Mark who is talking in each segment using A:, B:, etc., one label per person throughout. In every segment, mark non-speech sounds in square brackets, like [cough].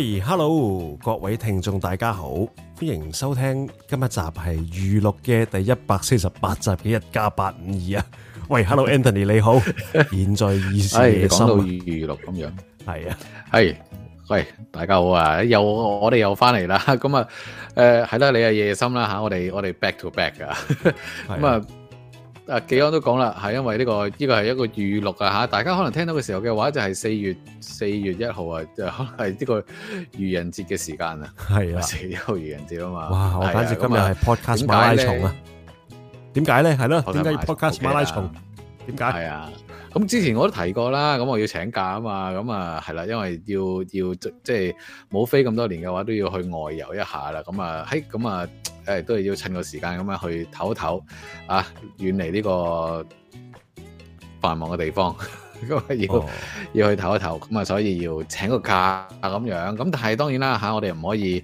A: 喂，Hello，各位聽眾大家好，歡迎收聽今日集係預錄嘅第一百四十八集嘅一家八五二啊！喂，Hello，Anthony 你好，現在已是講到
B: 預錄咁樣，係啊，係，喂，大家好啊，又我哋又翻嚟啦，咁啊，誒，係啦，你係夜深啦吓，我哋我哋 back to back 噶，
C: 咁啊。
B: 阿記安都講啦，係因為呢個呢個係一個預錄啊嚇，大家可能聽到嘅時候嘅話就係四月四月一號啊，就可能係呢個愚人節嘅時間啊，係啊，四月一號愚人節啊嘛。哇！我反正今日係 podcast 馬拉松啊，
A: 點解咧？點解咧？係咯，點解要 podcast 馬拉松？
B: 點解？係啊。咁之前我都提過啦，咁我要請假啊嘛，咁啊係啦，因為要要即係冇飛咁多年嘅話，都要去外遊一下啦，咁啊喺咁啊誒都係要趁個時間咁樣去唞一唞啊，遠離呢個繁忙嘅地方，咁 [laughs] 要、哦、要去唞一唞，咁啊所以要請個假咁樣，咁但係當然啦吓、啊、我哋唔可以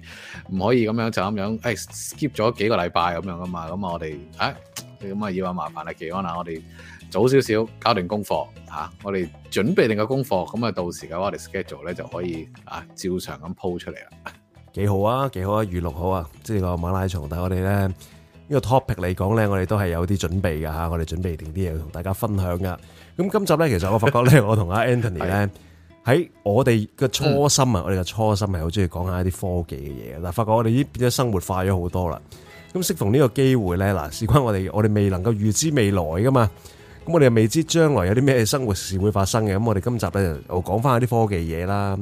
B: 唔可以咁樣就咁樣誒、哎、skip 咗幾個禮拜咁樣噶嘛，咁我哋啊咁啊要啊麻煩啊喬安啦，我哋。早少少，搞定功課吓，我哋準備定個功課，咁、嗯、啊到時嘅話我哋 schedule 咧，就可以啊照常咁鋪出嚟啦，
A: 幾好啊，幾好，好啊，娛樂好啊，即係個馬拉松。但係我哋咧呢、這個 topic 嚟講咧，我哋都係有啲準備噶吓，我哋準備定啲嘢同大家分享噶。咁今集咧，其實我發覺咧、 [laughs] 嗯，我同阿 Anthony 咧喺我哋嘅初心啊，我哋嘅初心係好中意講下啲科技嘅嘢。嗱，發覺我哋呢變咗生活快咗好多啦。咁適逢呢個機會咧，嗱，事關我哋，我哋未能夠預知未來噶嘛。咁我哋未知將來有啲咩生活事會發生嘅，咁我哋今集咧就講翻啲科技嘢啦，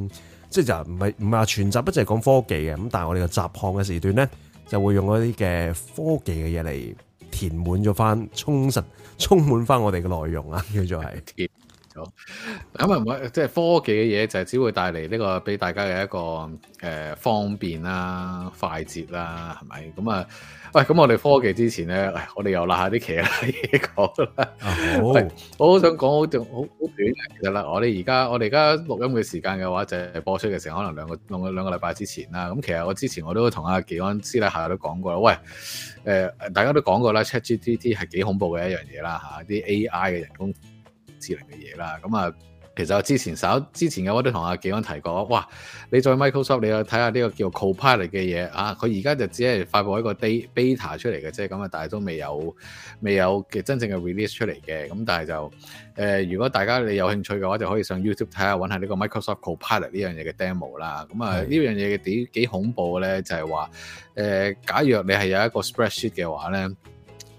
A: 即係就唔係唔係全集，一就係講科技嘅，咁但係我哋個集項嘅時段咧，就會用嗰啲嘅科技嘅嘢嚟填滿咗翻，充實充滿翻我哋嘅內容啊，叫做係。
B: 好，咁啊唔係，即係科技嘅嘢就係只會帶嚟呢個俾大家嘅一個誒、呃，方便啦、快捷啦，係咪？咁啊，喂，咁我哋科技之前咧，我哋又拉下啲其他嘢講啦。好、uh -oh. [laughs] 我好想講好好好短嘅，其實啦。我哋而家我哋而家錄音嘅時間嘅話，就係、是、播出嘅時候，可能兩個兩個兩個禮拜之前啦。咁其實我之前我也、啊、都同阿紀安私底下都講過啦。喂，誒、呃，大家都講過啦，ChatGPT 係幾恐怖嘅一樣嘢啦，吓、啊、啲 AI 嘅人工。嘅嘢啦，咁啊，其實我之前稍之前嘅我都同阿紀安提過，哇！你再 Microsoft 你去睇下呢個叫 Copilot 嘅嘢啊，佢而家就只係發佈一個 beta 出嚟嘅啫，咁啊，但係都未有未有嘅真正嘅 release 出嚟嘅，咁但係就誒、呃，如果大家你有興趣嘅話，就可以上 YouTube 睇下，揾下呢個 Microsoft Copilot 呢樣嘢嘅 demo 啦。咁啊，呢樣嘢幾幾恐怖咧，就係話誒，假若你係有一個 spreadsheet 嘅話咧。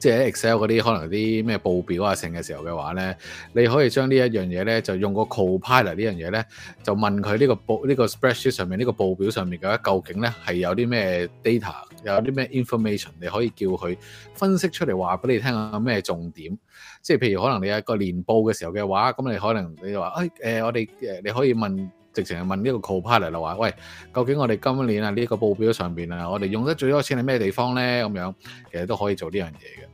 B: 即係 Excel 嗰啲可能啲咩報表啊剩嘅時候嘅話咧，你可以將呢一樣嘢咧就用個 Co-Pilot 呢樣嘢咧，就問佢呢、這個報呢、這個 spreadsheet 上面呢、這個報表上面嘅究竟咧係有啲咩 data，有啲咩 information，你可以叫佢分析出嚟話俾你聽下有咩重點，即係譬如可能你有個年報嘅時候嘅話，咁你可能你就話誒誒，我哋誒你可以問直情係問呢個 Co-Pilot 啦，話喂究竟我哋今年啊呢個報表上邊啊，我哋用得最多錢係咩地方咧？咁樣其實都可以做呢樣嘢嘅。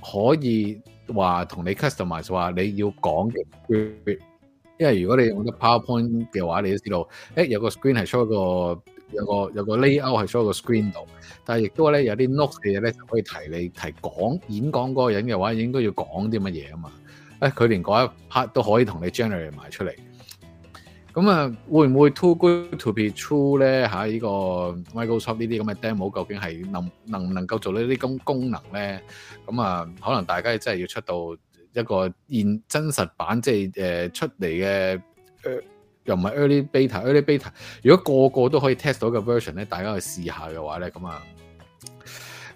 B: 可以話同你 customize 話你要講嘅，因為如果你用得 PowerPoint 嘅話，你都知道、欸，有個 screen 係 show 個有個有個 layout 係 show 個 screen 度，但係亦都咧有啲 notes 嘅嘢咧就可以提你提講演講嗰個人嘅話應該要講啲乜嘢啊嘛，誒、欸、佢連嗰一 part 都可以同你 generate 埋出嚟。咁啊，會唔會 too good to be true 咧？吓、啊、呢、呢個 Microsoft 呢啲咁嘅 demo 究竟係能能唔能夠做到呢啲咁功能咧？咁啊，可能大家真係要出到一個現真實版，即係誒出嚟嘅、呃，又唔係 early beta，early beta early beta, 如果個個都可以 test 到嘅 version 咧，大家去試下嘅話咧，咁啊，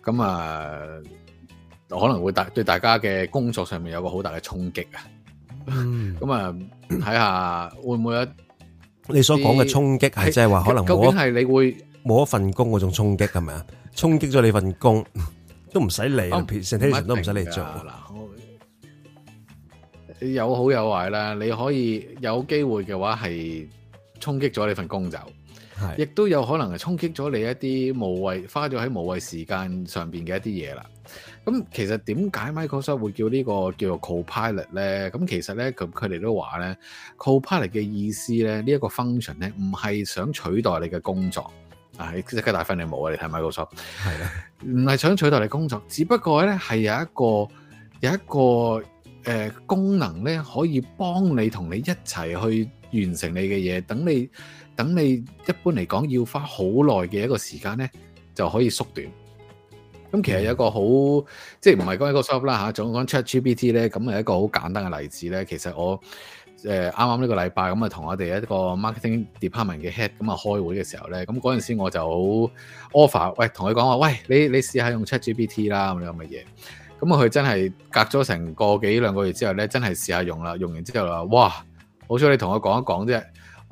B: 咁啊，可能會大對大家嘅工作上面有個好大嘅
A: 衝擊啊！
B: 嗯，咁啊，睇下會唔會有？
A: 你所講嘅衝擊係即係話，可能究竟係你會冇一份工嗰種衝擊係咪啊？衝擊咗你份工都唔使理，成 team 都唔使你做啦。
B: 有好有壞啦，你可以有機會嘅話係衝擊咗你份工就，亦都有可能係衝擊咗你一啲無謂花咗喺無謂時間上邊嘅一啲嘢啦。咁其實點解 Microsoft 會叫呢個叫做 Co-Pilot 咧？咁其實咧，咁佢哋都話咧 Co-Pilot 嘅意思咧，這個、呢一個 function 咧，唔係想取代你嘅工作。啊，即刻打分你冇啊！你睇 Microsoft，係啦，唔係想取代你的工作，只不過咧係有一個有一個誒、呃、功能咧，可以幫你同你一齊去完成你嘅嘢。等你等你一般嚟講要花好耐嘅一個時間咧，就可以縮短。咁、嗯嗯、其實有一個好，即係唔係講一個 soft 啦嚇，總講 ChatGPT 咧，咁係一個好簡單嘅例子咧。其實我誒啱啱呢個禮拜咁啊，同、嗯、我哋一個 marketing department 嘅 head 咁、嗯、啊開會嘅時候咧，咁嗰陣時我就好 offer，喂，同佢講話，喂，你你試下用 ChatGPT 啦，咁樣嘅嘢。咁、嗯、啊，佢真係隔咗成個幾兩個月之後咧，真係試下用啦。用完之後啊，哇，好彩你同我講一講啫。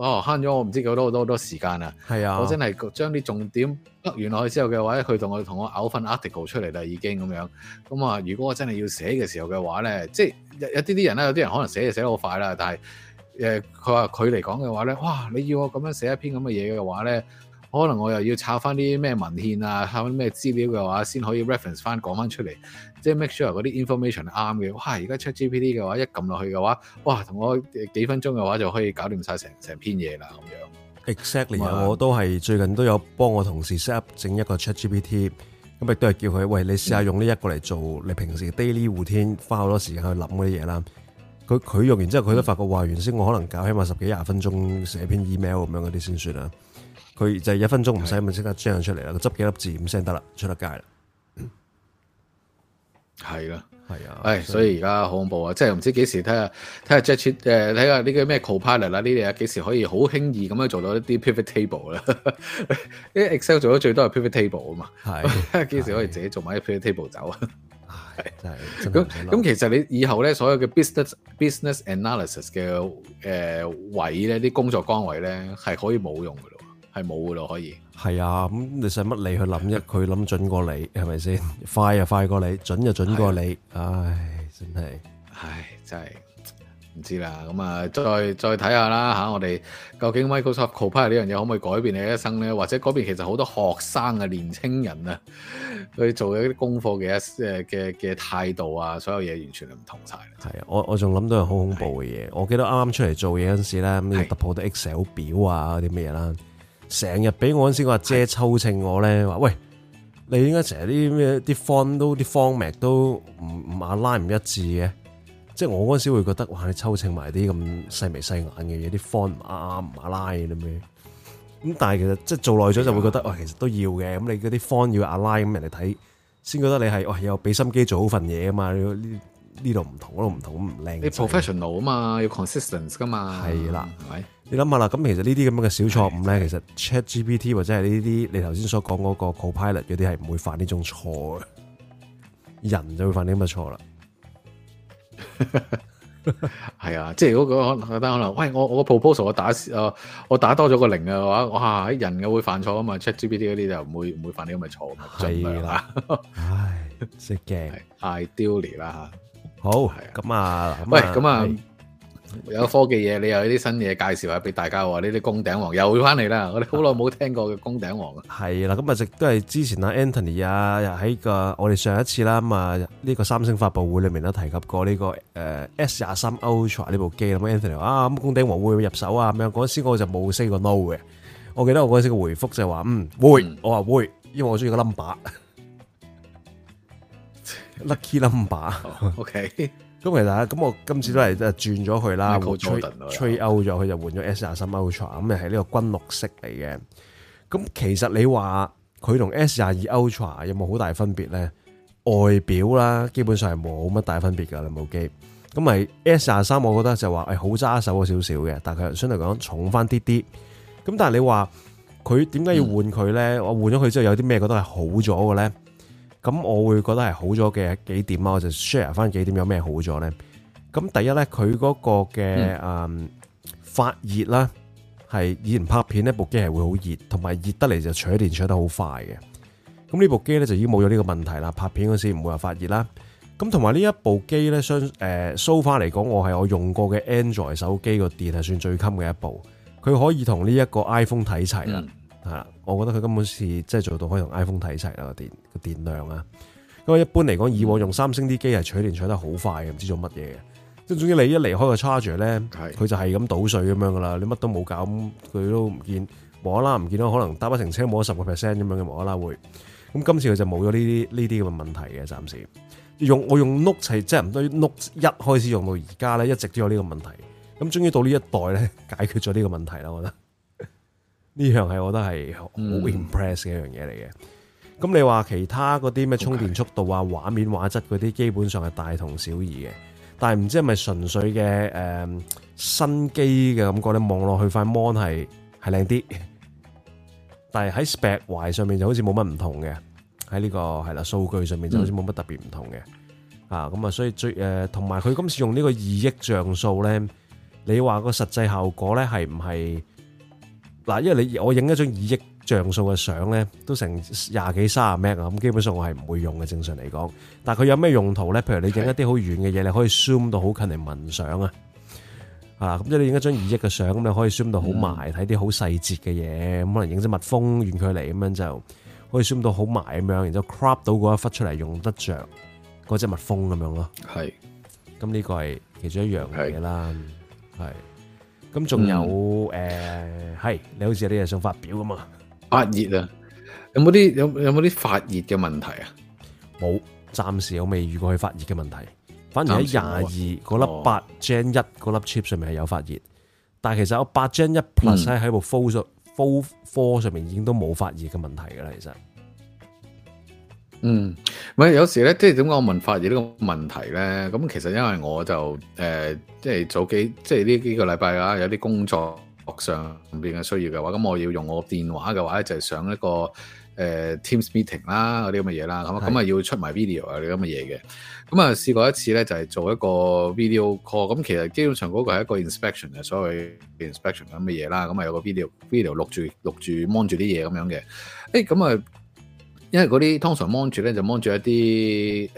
B: 哦，慳咗我唔知幾多好多好多時間啊！係啊，我真係將啲重點扼完落去之後嘅話，佢同我同我咬份 article 出嚟啦，已經咁樣。咁、嗯、啊，如果我真係要寫嘅時候嘅話咧，即係有有啲啲人咧，有啲人，人可能寫就寫得好快啦，但係呃、佢話佢嚟講嘅話咧，哇，你要我咁樣寫一篇咁嘅嘢嘅話咧。可能我又要抄翻啲咩文獻啊，抄翻咩資料嘅話，先可以 reference 翻講翻出嚟，即係 make sure 嗰啲 information 啱嘅、right。哇！而家 ChatGPT 嘅話，一撳落去嘅話，哇，同我幾分鐘嘅話就可以搞掂曬成成篇嘢啦
A: 咁樣。Exactly、嗯、我都係最近都有幫我同事 set up 整一個 ChatGPT，咁、嗯、亦都係叫佢，喂，你試下用呢一個嚟做你平時 daily routine，花好多時間去諗嗰啲嘢啦。佢佢用完之後，佢都發覺話，原、嗯、先我可能搞起碼十幾廿分鐘寫篇 email 咁樣嗰啲先算啦。佢就係一分鐘唔使咪即刻 share 出嚟啦，佢執幾粒字咁聲得啦，出得街啦。
B: 係啦，係啊，誒，所以而家好恐怖啊，即係唔知幾時睇下睇下 ChatGPT 誒睇下呢個咩 Copilot 啦，呢啲啊幾時可以好輕易咁樣做到一啲 pivot table 啦？啲 Excel 做咗最多係 pivot table 啊嘛，係，幾時可以自己做埋一 pivot table 走啊？真係咁咁，其實你以後咧所有嘅 business business analysis 嘅誒位咧啲工作崗位咧係可以冇用嘅。係冇噶咯，可以
A: 係啊。咁你使乜理去諗一，佢諗準過你係咪先？快就快過你，準就準過你。是唉，真係唉，
B: 真係唔知啦。咁、嗯、啊，再再睇下啦吓。我哋究竟 Microsoft Copilot 呢樣嘢可唔可以改變你一生咧？或者嗰邊其實好多學生嘅年青人啊，去做的課的一啲功課嘅一誒嘅嘅態度啊，所有嘢完全係唔同
A: 晒。係啊，我我仲諗到係好恐怖嘅嘢。我記得啱啱出嚟做嘢嗰陣時咧，咁要突破啲 Excel 表啊，啲咩嘢啦。成日俾我嗰陣時，我阿姐抽秤我咧，話：喂，你應該成日啲咩啲 font 都啲 font 脈都唔唔 align 唔一致嘅。即係我嗰陣時會覺得，哇！你抽秤埋啲咁細眉細眼嘅嘢，啲 font 唔啱唔 align 嘅咁樣。咁但係其實即係做耐咗就會覺得，哇！其實都要嘅。咁你嗰啲 font 要 align，咁人哋睇先覺得你係哇有俾心機做好份嘢啊嘛。呢呢度唔同嗰度唔同，咁唔靚。你 professional 啊嘛，要 consistent 㗎嘛。係啦，係咪？你諗下啦，咁其實呢啲咁樣嘅小錯誤咧，其實 ChatGPT 或者係呢啲你頭先所講嗰個 Copilot 嗰啲係唔會犯呢種錯嘅，人就會犯呢咁嘅錯啦。
B: 係 [laughs] 啊，即係如果嗰個覺得可能，喂，我我個 proposal 我打啊，我打多咗個零嘅話，哇、啊，人又會犯錯啊嘛，ChatGPT 嗰啲就唔會唔會犯呢咁嘅錯嘅。係啦、啊，唉，識嘅，ideal 啦吓，
A: 好係
B: 咁啊，喂，咁啊。有科技嘢，你有啲新嘢介紹下俾大家喎。呢啲工頂王又會翻嚟啦，我哋好耐冇聽過嘅工頂王。
A: 係啦，咁啊，直都係之前啊，Anthony 啊，又喺個我哋上一次啦，咁啊，呢個三星發布會裡面都提及過呢個誒 S 廿三 Ultra 呢部機啦。咁、嗯、Anthony 啊，咁工頂王會唔會入手啊？咁樣嗰陣時我就冇 say 過 no 嘅，我記得我嗰陣時嘅回覆就係話，嗯，會，嗯、我話會，因為我中意個 number，lucky number，OK。 [laughs] Lucky number. oh, okay. [laughs] 咁其實，咁我今次都係即係轉咗佢啦，吹吹 out 咗，佢就換咗 S 廿三 Ultra，咁係呢個軍綠色嚟嘅。咁其實你話佢同 S 廿二 Ultra 有冇好大分別咧？外表啦，基本上係冇乜大分別㗎啦，冇機。咁咪 S 廿三，我覺得就話誒好揸手少少嘅，但係佢相對嚟講重翻啲啲。咁但係你話佢點解要換佢咧，嗯？我換咗佢之後有啲咩覺得係好咗嘅咧？咁我會覺得係好咗嘅幾點啊，我就 share 翻幾點有咩好咗咧。咁第一咧，佢嗰個嘅誒、嗯、發熱啦，係以前拍片呢部機係會好熱，同埋熱得嚟就搶電搶得好快嘅。咁呢部機咧就已經冇咗呢個問題啦。拍片嗰時唔會話發熱啦。咁同埋呢一部機咧，相 so far 嚟講，我係我用過嘅 Android 手機個電係算最襟嘅一部，佢可以同呢一個 iPhone 睇齊啦。Yeah. 係啦，我覺得佢根本係即係做到可以同 iPhone 睇齊啦，電個電量啊。咁一般嚟講，以往用三星啲機係取電取得好快嘅，唔知做乜嘢嘅。即係總之你一離開個 charge 咧，佢就係咁倒水咁樣噶啦，你乜都冇搞，佢都唔見，無啦啦唔見到，可能搭不成車冇咗十個 percent 咁樣嘅，無啦啦會。咁今次佢就冇咗呢啲呢啲咁嘅問題嘅，暫時用我用 Note 係即係唔對 Note 一開始用到而家咧，一直都有呢個問題。咁終於到呢一代咧，解決咗呢個問題啦，我覺得。呢樣係我覺得係好 impress 嘅一樣嘢嚟嘅。咁、嗯、你話其他嗰啲咩充電速度啊、畫、okay. 面畫質嗰啲，基本上係大同小異嘅。但係唔知係咪純粹嘅誒、呃、新機嘅感覺咧，望落去塊 mon 係係靚啲。但係喺 spec 懷上面就好似冇乜唔同嘅。喺呢、這個係啦數據上面就好似冇乜特別唔同嘅、嗯。啊，咁啊，所以最誒同埋佢今次用呢個二億像素咧，你話個實際效果咧係唔係？是嗱，因為你我影一張二億像素嘅相咧，都成廿幾卅 M 啊，咁基本上我係唔會用嘅，正常嚟講。但係佢有咩用途咧？譬如你影一啲好遠嘅嘢，你可以 zoom 到好近嚟紋相啊。啊、嗯，咁即係你影一張二億嘅相，咁你可以 zoom 到好埋睇啲好細節嘅嘢，咁可能影隻蜜蜂遠距離咁樣就可以 zoom 到好埋咁樣，然之後 crop 到嗰一忽出嚟用得着嗰隻蜜蜂咁樣咯。係，咁呢個係其中一樣嘢啦，係。咁仲有誒係、嗯呃、你好似有啲嘢想發表噶嘛發熱啊？有冇啲有有冇啲發熱嘅問題啊？冇，暫時我未遇過佢發熱嘅問題。反而喺廿二嗰粒八 Gen 一嗰粒 chip 上面係有發熱，但係其實有八 Gen 一 Plus 喺部 Fold Fold Four 上面已經都冇發熱嘅問題噶啦，其實。
B: 嗯，唔係有時咧，即係點講？我問發熱呢個問題咧，咁其實因為我就、呃、即係早幾，即係呢幾個禮拜啊，有啲工作上邊嘅需要嘅話，咁我要用我電話嘅話呢，就係、是、上一個、呃、Teams meeting 啦，嗰啲咁嘅嘢啦，咁啊，咁啊要出埋 video 啊，啲咁嘅嘢嘅，咁啊試過一次咧，就係、是、做一個 video call，咁其實基本上嗰個係一個 inspection 嘅，所謂 inspection 咁嘅嘢啦，咁啊有個 video video 錄住錄住 mon 住啲嘢咁樣嘅，誒咁啊。因為嗰啲通常 mon 住咧就 mon 住一啲誒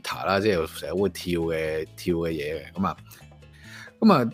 B: meter 啦，呃、meter，即係成日會跳嘅跳嘅嘢嘅咁啊，咁啊，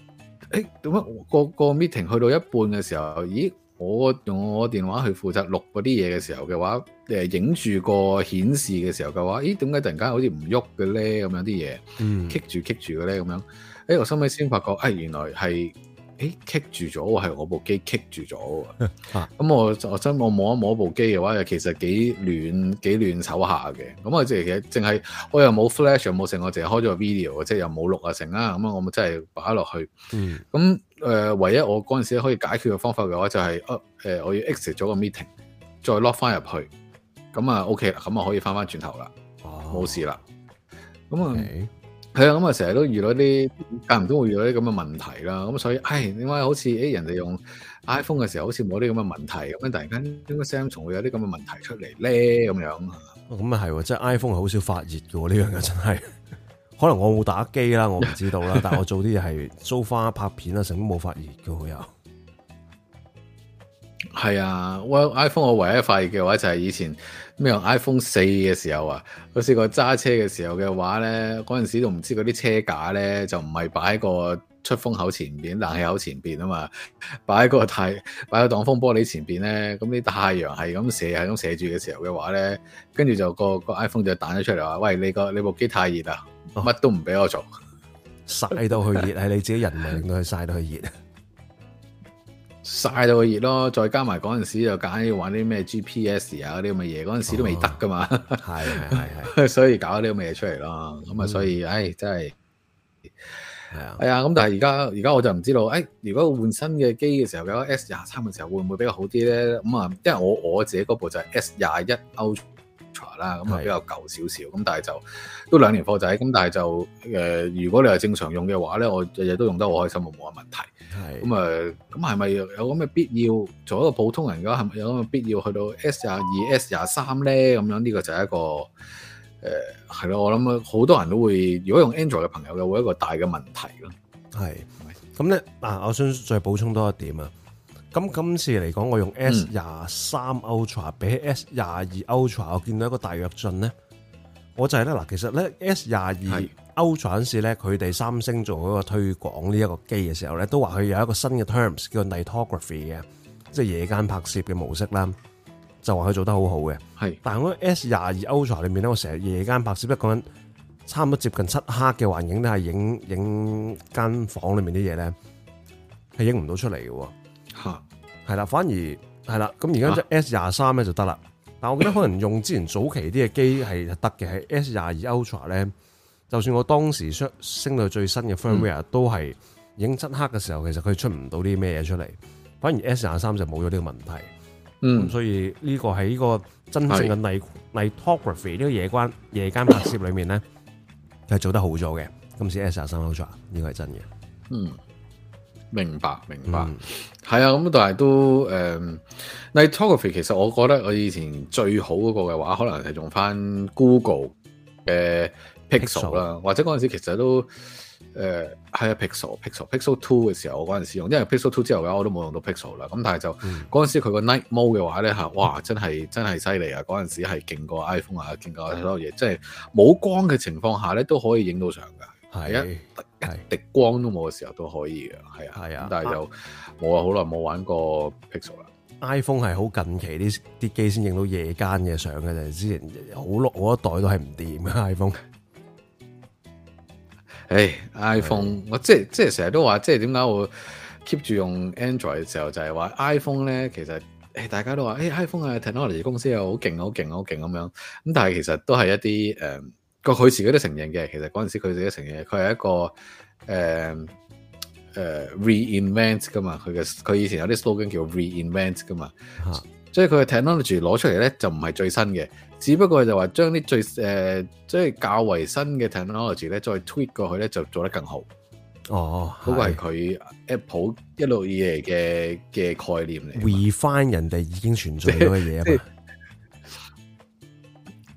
B: 誒點解個個 meeting 去到一半嘅時候，咦？我用我電話去負責錄嗰啲嘢嘅時候嘅話，誒、呃、影住個顯示嘅時候嘅話，咦？點解突然間好似唔喐嘅咧？咁樣啲嘢，
C: 嗯，
B: 棘住棘住嘅咧，咁樣，誒我收尾先發覺，誒原來係。誒，棘住咗，係我部機棘住咗。咁 [laughs] 我、啊嗯、我想我摸一摸，摸部機嘅話，又其實幾暖，幾暖手下嘅。咁我即係其實淨係我又冇 flash，又冇成，我淨係開咗個 video，即係又冇錄啊成啦。咁啊，我咪真係擺落去。咁、嗯、誒，唯一我嗰陣時可以解決嘅方法嘅話，就係、是、誒，我要 exit 咗個 meeting，再 lock 翻入去。咁、嗯、啊，ok 啦，咁、嗯、啊可以翻翻轉頭啦，冇事啦。咁、哦、啊。係、嗯、啊，咁啊成日都遇到啲，間唔中會遇到啲咁嘅問題啦。咁所以，唉，點解好似誒人哋用 iPhone 嘅時候，好似冇啲咁嘅問題，咁樣突然間用個 Samsung 會有啲咁嘅問題出嚟咧？咁、哦、樣
A: 咁啊係，即係 iPhone 好少發熱嘅喎，呢樣嘢真係。可能我冇打機啦，我唔知道啦。 [laughs] 但係我做啲嘢係租花拍片啊，成日都冇發熱嘅佢又。有
B: 係啊我 iPhone 我唯一廢嘅話就係以前咩 iPhone 四嘅時候啊，我試過揸車嘅時候嘅話咧，嗰陣時都唔知嗰啲車架咧就唔係擺喺個出風口前邊、冷氣口前邊啊嘛，擺喺個太擺喺擋風玻璃前邊咧，咁啲太陽係咁射係咁射住嘅時候嘅話咧，跟住就個個 iPhone 就彈咗出嚟話，喂你個你部機太熱啊，乜、哦、都唔俾我做，曬到去熱
A: 係你自己人命令到佢曬到去熱。 [laughs]
B: 晒到佢熱咯，再加埋嗰陣時就揀要玩啲咩 GPS 啊嗰啲咁嘅嘢，嗰陣時都未得噶嘛，係係係，所以搞啲咁嘅嘢出嚟咯，咁、嗯、啊所以，唉、哎、真係係啊，係啊，咁、哎、但係而家而家我就唔知道，唉、哎，如果換新嘅機嘅時候，有 S 廿三嘅時候會唔會比較好啲咧？咁啊，因為我我自己嗰部就係 S 廿一歐。啦，咁啊比較舊少少，咁但係就都兩年貨仔，咁但係就誒、呃，如果你係正常用嘅話咧，我日日都用得好開心，冇冇乜問題。係，咁、嗯、啊，咁係咪有咁嘅必要？做一個普通人嘅話，係咪有咁嘅必要去到 S 廿二、S 廿三咧？咁樣呢個就係一個誒，係、呃、咯，我諗好多人都會，如果用 Android 嘅朋友又會一個大嘅問題咯。
A: 係，咁咧嗱，我想再補充多一點啊。咁今次嚟講，我用 S 廿三 Ultra、嗯、比起 S 廿二 Ultra，我見到一個大躍進咧。我就係咧嗱，其實咧 S 廿二 Ultra 嗰時咧，佢哋三星做嗰個推廣呢一個機嘅時候咧，都話佢有一個新嘅 terms 叫做 Nightography 嘅，即係夜間拍攝嘅模式啦。就話佢做得好好嘅。係，但係我 S 廿二 Ultra 裏面咧，我成日夜間拍攝樣，一個差唔多接近漆黑嘅環境咧，係影影間房裏面啲嘢咧，係影唔到出嚟嘅。係啦，反而係啦，咁而家隻 S 廿三咧就得啦。但係我覺得可能用之前早期啲嘅機係得嘅。係 S 廿二 Ultra 咧，就算我當時升升到最新嘅 firmware，都係影漆黑嘅時候，其實佢出唔到啲咩嘢。出嚟，反而 S 廿三就冇咗呢個問題。嗯，所以呢個係呢個真正嘅 night nightography 呢個夜關夜間拍攝裏面咧，係做得好咗嘅。今次 S 廿三 Ultra 呢個係真嘅。嗯。
B: 明白，明白，
A: 係、嗯、啊，咁
B: 但係都、嗯、Nightography 其實我覺得我以前最好嗰個嘅話，可能係用翻 Google 嘅 Pixel 啦，或者嗰時其實都誒係、呃、啊 Pixel，Pixel，Pixel Two Pixel 嘅時候我嗰時用，因為 Pixel Two 之後嘅話我都冇用到 Pixel 啦，咁但係就嗰、嗯、時佢個 Night Mode 嘅話咧嚇，哇，真係真係犀利啊！嗰時係勁過 iPhone 啊，勁過所有嘢，即係冇光嘅情況下咧都可以影到相噶。係，係，滴光都冇嘅時候都可以嘅，係啊，係啊，但係就冇啊。好耐冇玩過 Pixel
A: 啦。iPhone 係好近期啲啲機先影到夜間嘅相嘅啫，之前好落好多代都係唔掂嘅 iPhone。誒、
B: hey，iPhone，我即係即係成日都話，即係點解我 keep 住用 Android 嘅時候就，就係話 iPhone 咧，其實誒大家都話，誒、欸、iPhone 啊 technology 公司又好勁，好勁，好勁咁樣，咁但係其實都係一啲誒。嗯個佢自己都承認嘅，其實嗰陣時佢自己承認，佢係一個誒誒、呃呃、reinvent 噶嘛，佢嘅佢以前有啲 slogan 叫 reinvent 噶嘛，即、啊、以佢嘅 technology 攞出嚟咧就唔係最新嘅，只不過就話將啲最誒即係較為新嘅 technology 咧再推過去咧就做得更好。哦，嗰、嗰個係佢 Apple 一路以嚟嘅嘅概念嚟，回
A: e 翻人哋已經存在咗嘅嘢嘛。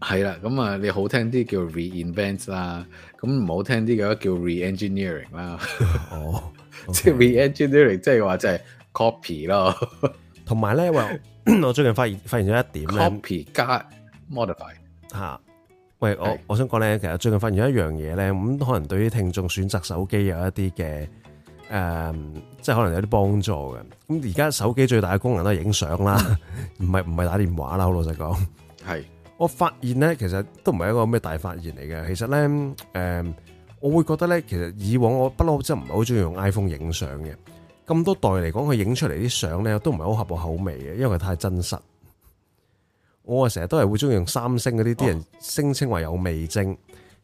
B: 係啦，咁啊，你好聽啲叫 reinvent 啦，咁唔好聽啲嘅叫 reengineering 啦、oh, okay。哦， [laughs] 即係 reengineering，即係話即係 copy 咯。
A: 同埋咧，我我最近發現發現咗一點 copy 加 modify 吓。喂，我我想講咧，其實最近發現咗一樣嘢咧，咁可能對於聽眾選擇手機有一啲嘅誒，即係可能有啲幫助嘅。咁而家手機最大嘅功能都係影相啦，唔係唔係打電話啦。好老實講，係。我發現咧，其實都唔係一個咩大發現嚟嘅。其實咧，誒，我會覺得咧，其實以往我不嬲真係唔係好中意用 iPhone 影相嘅。咁多代嚟講，佢影出嚟啲相咧，都唔係好合我口味嘅，因為佢太真實。我啊成日都係會中意用三星嗰啲，啲、哦、人聲稱為有味精，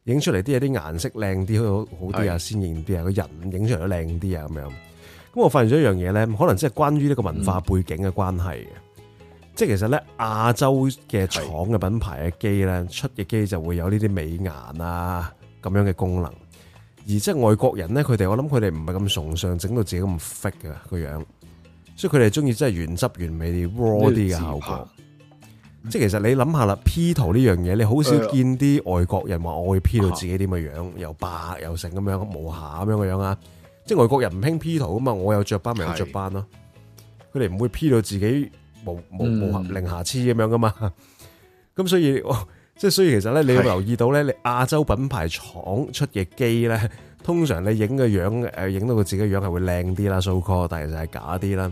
A: 影出嚟啲嘢啲顏色靚啲，好好啲啊，鮮艷啲啊，個人影出嚟都靚啲啊，咁樣。咁我發現咗一樣嘢咧，可能即係關於呢個文化背景嘅關係嘅。嗯即係其實咧，亞洲嘅廠嘅品牌嘅機咧，出嘅機就會有呢啲美顏啊咁樣嘅功能。而即係外國人咧，佢哋我諗佢哋唔係咁崇尚整到自己咁 fake 嘅個樣，所以佢哋中意即係原汁原味啲、raw 啲嘅效果。即係其實你諗下啦、mm -hmm.，P 圖呢樣嘢，你好少見啲外國人話我會 P 到自己點嘅樣，的樣，uh -huh. 又白又成咁樣無瑕咁樣嘅樣啊！即係外國人唔興 P 圖啊嘛，我有雀斑咪有雀斑咯，佢哋唔會 P 到自己。無無、嗯、無零瑕疵咁樣噶嘛，咁所以即係所以其實咧，你要留意到咧，你亞洲品牌廠出嘅機咧，通常你影嘅樣誒，影、呃、到佢自己樣係會靚啲啦，so cool 但係就係係假啲啦。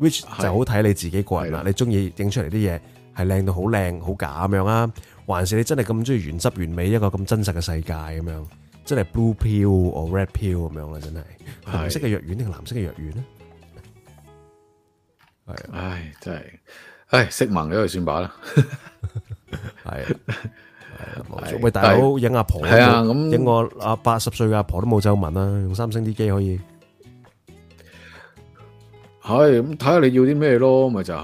A: which 就好睇你自己個人啦，你中意影出嚟啲嘢係靚到好靚好假咁樣啊，還是你真係咁中意原汁原味一個咁真實嘅世界咁樣，真係 blue pill or red pill 咁樣啦、啊，真係，紅色嘅藥丸定藍色嘅藥丸咧？
B: 係，唉，真係，唉，識盲嘅都係算把啦。
A: 係，做咩大佬影阿婆？係啊，咁影個阿八十歲嘅阿婆都冇皺紋啦，用三星啲機可以。
B: 係，咁睇下你要啲咩咯，咪就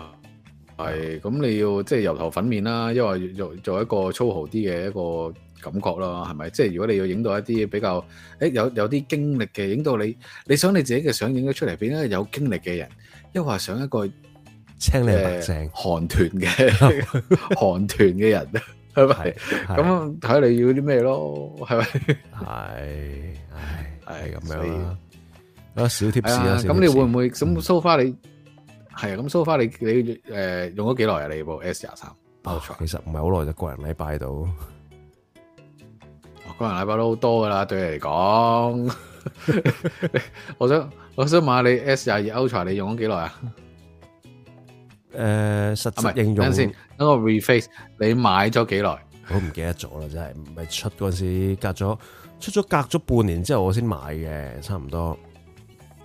B: 係。咁你要即係油頭粉面啦，因為做做一個粗豪啲嘅一個感覺啦，係咪？即係如果你要影到一啲比較，誒有有啲經歷嘅，影到你，你想你自己嘅相影咗出嚟，畀一個有經歷嘅人。即係話想一個誒韓團嘅韓團嘅人咧，係咪？咁睇下你要啲咩咯，係咪？係，係，係咁樣啦。
A: 啊，小貼士啊，咁你會
B: 唔會咁 so far 你係啊？咁 so far 你你誒用咗幾耐啊？你部 S 廿三，
A: 冇錯。其實唔係好耐就個人禮拜到，
B: 個人禮拜都好多噶啦，對你嚟講，我想。.我想問你 S22 Ultra，你用咗幾耐啊？
A: 誒、呃，實際應用等先，等，等我 reface。你買咗幾耐？我唔記得咗啦，真係唔係出嗰陣時隔咗出咗隔咗半年之後我先買嘅，差唔多。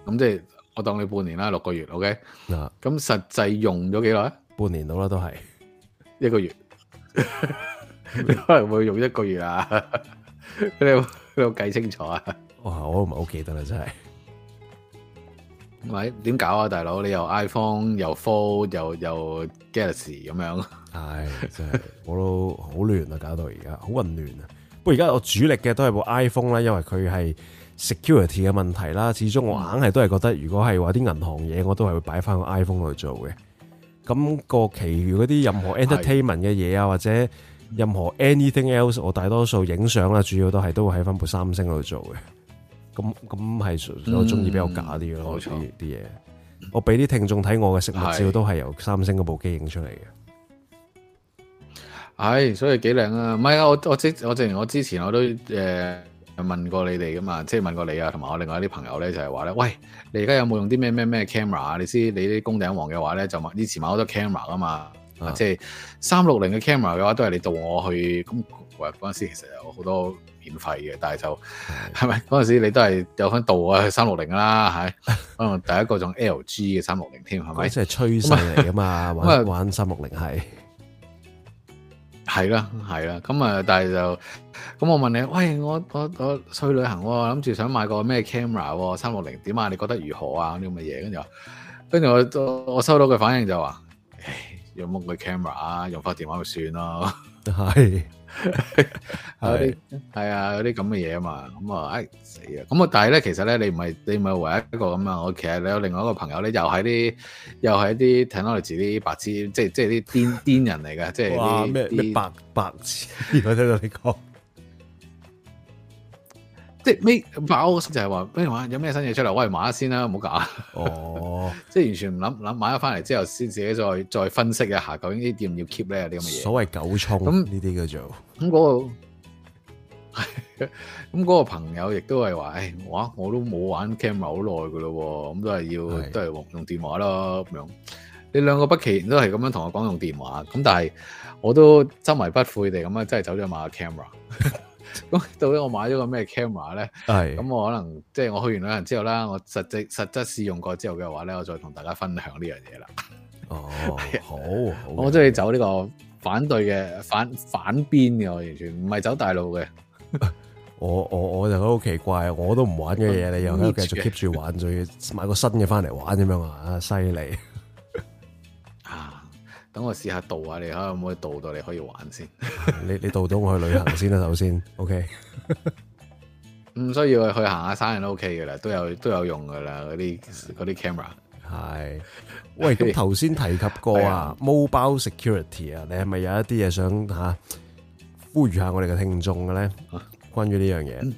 A: 咁即係我當你半年啦，六個月。OK 嗱、
B: 啊，咁實際用咗幾耐？半年到啦，都係一個月。 [laughs] 你可能會用一個月啊？ [laughs] 你你計清楚啊？哇、
A: 哦，我唔係好記得啦，真係。
B: 喂，點搞啊，大佬？你又
A: iPhone 又 Fold 又又 Galaxy 咁樣？係、 [laughs] 哎、真係我都好亂啊，搞到而家好混亂啊。不過而家我主力嘅都係部 iPhone 啦，因為佢係 security 嘅問題啦。始終我硬係都係覺得，如果係話啲銀行嘢，我都係會擺翻個 iPhone 去做嘅。咁、個其餘嗰啲任何 entertainment 嘅嘢啊，或者任何 anything else，我大多數影相啦，主要都係都會喺翻部三星嗰度做嘅。咁咁係我中意比較假啲嘅咯，啲、嗯、嘢。我俾啲聽眾睇我嘅食物照都係由三星嗰部機影出嚟嘅。係、
B: 哎，所以幾靚啊！唔係啊，我我之我之前我之前我都誒問過你哋噶嘛，即、就、係、是、問過你啊，同埋我另外一啲朋友咧就係話咧，喂，你而家有冇用啲咩咩咩 camera 啊？你知你啲公頂王嘅話咧就以前買好多 camera 啊嘛，即係三六零嘅 camera 嘅話都係你導我去咁，嗰陣時其實有好多。免費嘅，但係就係咪嗰陣時你都係有翻度啊？三六零啦，係可能，第一個仲 L G 嘅三六零添，係咪？真係趨勢嚟
A: 啊嘛， [laughs] 玩三六零係
B: 係啦係啦，咁 [laughs] 啊， [laughs] 但係就咁我問你，喂，我我我去旅行，諗住想買個咩 camera，三六零點啊？你覺得如何啊？啲咁嘅嘢，跟住話，跟住我我收到佢反應就話，唉，用乜嘅 camera 啊？用翻電話咪算咯，係。 [laughs] [laughs] 係 [laughs] 啊，有啲咁嘅嘢啊嘛，咁啊，哎，死啊，咁啊但係咧，其實咧你唔係你唔係唯一一個咁啊，我其實你有另外一個朋友咧，又係啲又係一啲 technology 啲白痴，即係即係啲癲癲人嚟嘅，即係啲咩白白痴，我聽到你講。 [laughs] 即係咩？唔係我就係話你話？有咩新嘢出嚟？我係買咗先啦，唔好搞。哦，即 [laughs] 係完全唔諗諗買咗翻嚟之後，先自己再再分析一下，究竟呢啲要唔要 keep 咧？啲咁嘅嘢。所
A: 謂九衝咁呢啲叫做
B: 咁嗰個，咁 [laughs] 嗰個朋友亦都係話，唉，哇！我都冇玩 camera 好耐噶啦，咁都係要都係用電話啦咁樣。你兩個不其然都係咁樣同我講用電話，咁但係我都執迷不悔地咁樣，真係走咗去買個 camera。 [laughs] 咁到底我買咗個咩 camera 咧？係咁我可能即係、就是、我去完旅行之後啦，我實際實質試用過之後嘅話咧，我再同大家分享呢樣嘢啦。哦， [laughs] 好， [laughs] 我鍾意走呢個反對嘅反反邊嘅，我完全唔係走大路嘅 [laughs] 。
A: 我我我就覺得好奇怪，我都唔玩嘅嘢， [laughs] 你又繼續 keep 住玩，仲 [laughs] 要買個新嘅翻嚟玩咁樣啊！犀利。
B: 等我試下導下你，睇下可唔可以導到，你可以玩先
A: [laughs] 你你導到我去旅行先啦，首先，OK。
B: 唔 [laughs] 需要去行下山，人都 OK 噶啦，都有都有用噶啦，嗰啲啲 camera。係。
A: 喂，咁頭先提及過啊 [laughs] ，mobile security 啊，你係咪有一啲嘢想吓呼籲下我哋嘅聽眾嘅咧？啊，關於呢樣嘢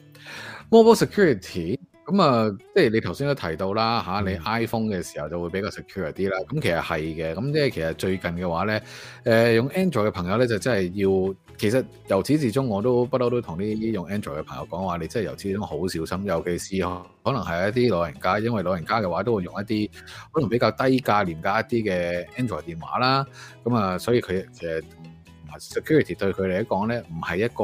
A: ，mobile
B: security。咁啊，即係你頭先都提到啦，嚇你 iPhone 嘅時候就會比較 secure 啲啦。咁其實係嘅，咁即係其實最近嘅話咧，誒用 Android 嘅朋友咧就真係要，其實由始至終我都不嬲都同呢啲用 Android 嘅朋友講話，你真係由始至終好小心，尤其是可能係一啲老人家，因為老人家嘅話都會用一啲可能比較低價廉價一啲嘅 Android 電話啦。咁啊，所以佢 security 對佢嚟講咧，唔係一個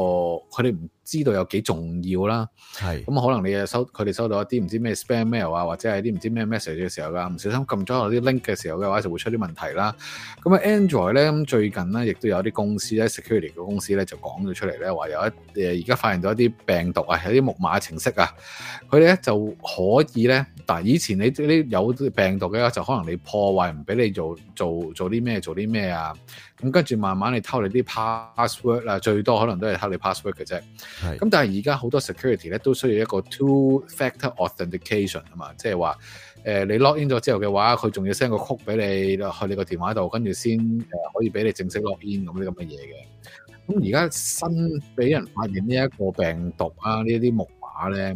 B: 佢哋唔知道有幾重要啦。係咁可能你誒收佢哋收到一啲唔知咩 spam mail 啊，或者係啲唔知咩 message 嘅時候噶，唔小心撳咗落啲 link 嘅時候嘅話，就會出啲問題啦。咁啊 Android 咧咁最近咧，亦都有啲公司咧 security 嘅公司咧就講咗出嚟咧，話有一誒而家發現到一啲病毒啊，有啲木馬程式啊，佢哋咧就可以咧。嗱，以前你你有病毒嘅話，就可能你破壞唔俾你做做做啲咩做啲咩啊，咁跟住慢慢你偷你啲 password 啦，最多可能都係偷你的 password 嘅啫。咁但係而家好多 security 咧都需要一個 two factor authentication 啊嘛，即係話誒你 login 咗之後嘅話，佢仲要 send 個 code 俾你去你個電話度，跟住先誒可以俾你正式 login 咁啲咁嘅嘢嘅。咁而家新俾人發現呢一個病毒啊，呢啲木馬咧。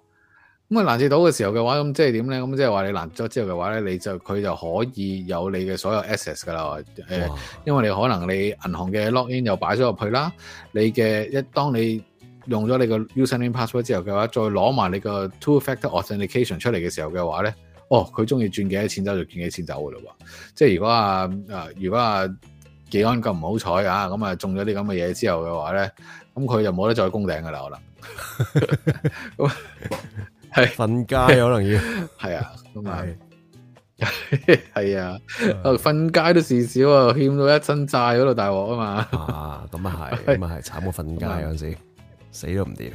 B: 咁啊！攔截到嘅時候嘅話，咁即係點咧？咁即係話你攔咗之後嘅話咧，你就佢就可以有你嘅所有 access 噶啦。誒，因為你可能你銀行嘅 login 又擺咗入去啦，你嘅一當你用咗你嘅 user name password 之後嘅話，再攞埋你個 two factor authentication 出嚟嘅時候嘅話咧，哦，佢中意轉幾多錢走就轉幾錢走噶啦喎！即係如果啊啊，如果啊幾安夠唔好彩啊，咁啊中咗啲咁嘅嘢之後嘅話咧，咁佢就冇得再攻頂噶啦，我諗。咁
A: ～係瞓街可能要，
B: 係啊，咁埋係啊，瞓、啊啊啊、街都事少啊，欠到一身債嗰度大鑊啊嘛，啊，咁、就是、啊係，咁啊係，慘過瞓街嗰陣時、啊，死都唔掂。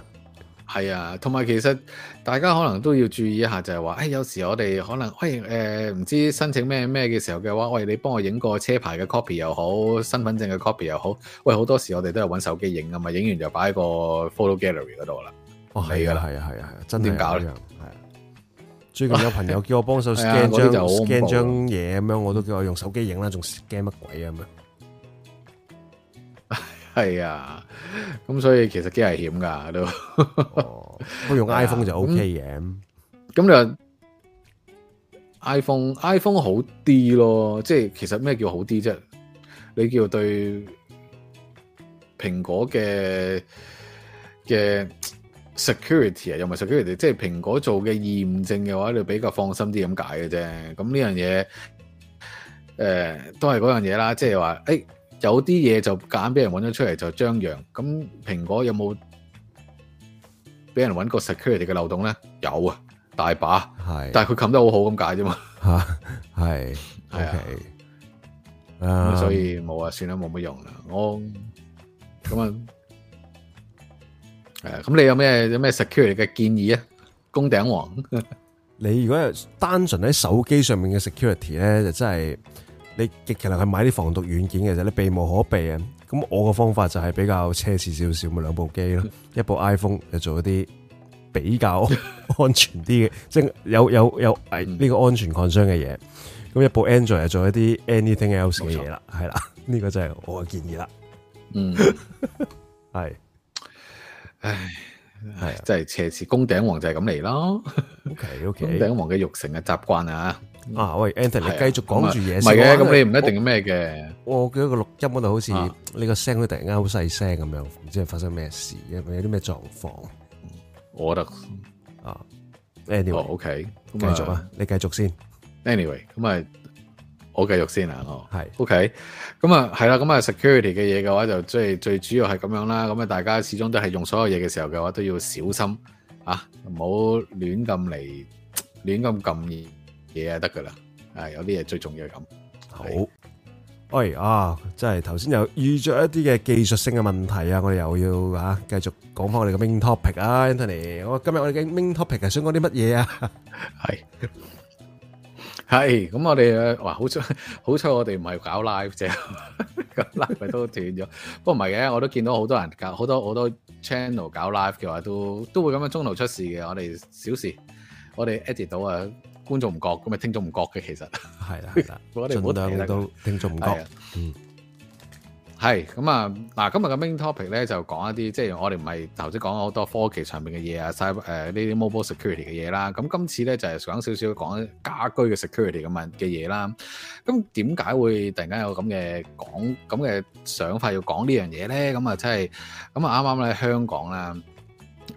B: 係啊，同埋其實大家可能都要注意一下，就係話，誒，有時我哋可能，喂，誒，唔知道申請咩咩嘅時候嘅話，喂，你幫我影個車牌嘅 copy 又好，身份證嘅 copy 又好，喂，好多時我哋都係揾手機影啊嘛，影完就擺喺個 photo gallery 嗰度啦。哦，係噶啦，係啊，係啊，係啊，啊，真係點搞呢樣？係
A: 啊，最近有朋友叫我幫手 scan 張 scan 張嘢咁樣，我都叫我用手機影啦，仲 scan 乜鬼咁樣？係啊，咁、啊、所以其實幾危險噶都、哦。我用 iPhone 就
B: OK 嘅、啊。咁、嗯、就、嗯、iPhone，iPhone 好啲咯，即係其實咩叫好啲啫？你叫對蘋果嘅嘅。security 啊，又唔係 security，即係蘋果做嘅驗證嘅話，你比較放心啲咁解嘅啫。咁呢樣嘢，誒、呃，都係嗰樣嘢啦。即係話，誒、哎，有啲嘢就夾硬俾人搵咗出嚟就張揚。咁蘋果有冇俾人搵過 security 嘅漏洞咧？有啊，大把係，但係佢冚得好好咁解啫嘛。
A: 吓
B: [laughs] 係係
C: 啊，咁所以
B: 冇啊，算啦，冇乜用啦，我咁啊。 [laughs] 誒、嗯，咁你有咩有咩 security 嘅建議啊？
A: 攻頂王， [laughs] 你如果單純喺手機上面嘅 security 咧，就真係你極其量去買啲防毒軟件嘅時候，你避無可避啊！咁我嘅方法就係比較奢侈少少，咪、就、兩、是、部機咯， [laughs] 一部 iPhone 就做一啲比較安全啲嘅，即 [laughs] 係有有有呢個安全擴張嘅嘢，咁一部 Android 就做一啲 anything else 嘅嘢啦，係啦，呢、這個就係我嘅建議啦。嗯， [laughs] [laughs] [laughs] 係。唉，係，即係斜視，宮頂王就係咁嚟咯。O K，O K，宮頂
B: 王嘅肉成嘅習慣啊。啊，喂，Antony，繼續講住嘢，唔係嘅，咁你唔一
A: 定咩嘅。我記得個錄音嗰度好似你個聲，都突然間好細聲咁樣，唔知係發生咩事，因為有啲咩狀況。我覺得啊，Anyway，O K，繼續啊，你繼續先。
B: Anyway，咁啊。我繼續先啊，哦，係，OK，咁啊，係啦，咁啊，security 嘅嘢嘅話就即係最主要係咁樣啦。咁啊，大家始終都係用所有嘢嘅時候嘅話都要小心啊，唔好亂咁嚟亂咁撳嘢嘢啊得噶啦。啊，有啲嘢最重要
A: 咁。好，喂啊，真係頭先又遇著一啲嘅技術性嘅問題啊，我哋又要啊繼續講翻我哋嘅 main topic 啊，Anthony，我今日我哋嘅 main topic 係想講啲乜嘢啊？係。
B: 係，咁我哋哇好彩，好彩我哋唔係搞 live 啫，咁 [laughs] live 咪都斷咗。不過唔係嘅，我都見到好多人搞，好多好多 channel 搞 live 嘅話都，都都會咁樣中途出事嘅。我哋小事，我哋 edit 到啊，觀眾唔覺，咁咪聽眾唔覺嘅其實係啦，全部 [laughs] 都聽眾唔覺。係咁啊！嗱，今日嘅 main topic 咧就講一啲即係我哋唔係頭先講好多科技上面嘅嘢啊，誒呢啲 mobile security 嘅嘢啦。咁今次咧就係講少少講家居嘅 security 咁樣嘅嘢啦。咁點解會突然間有咁嘅講咁嘅想法要講呢樣嘢咧？咁啊即係咁啊啱啱咧香港咧誒、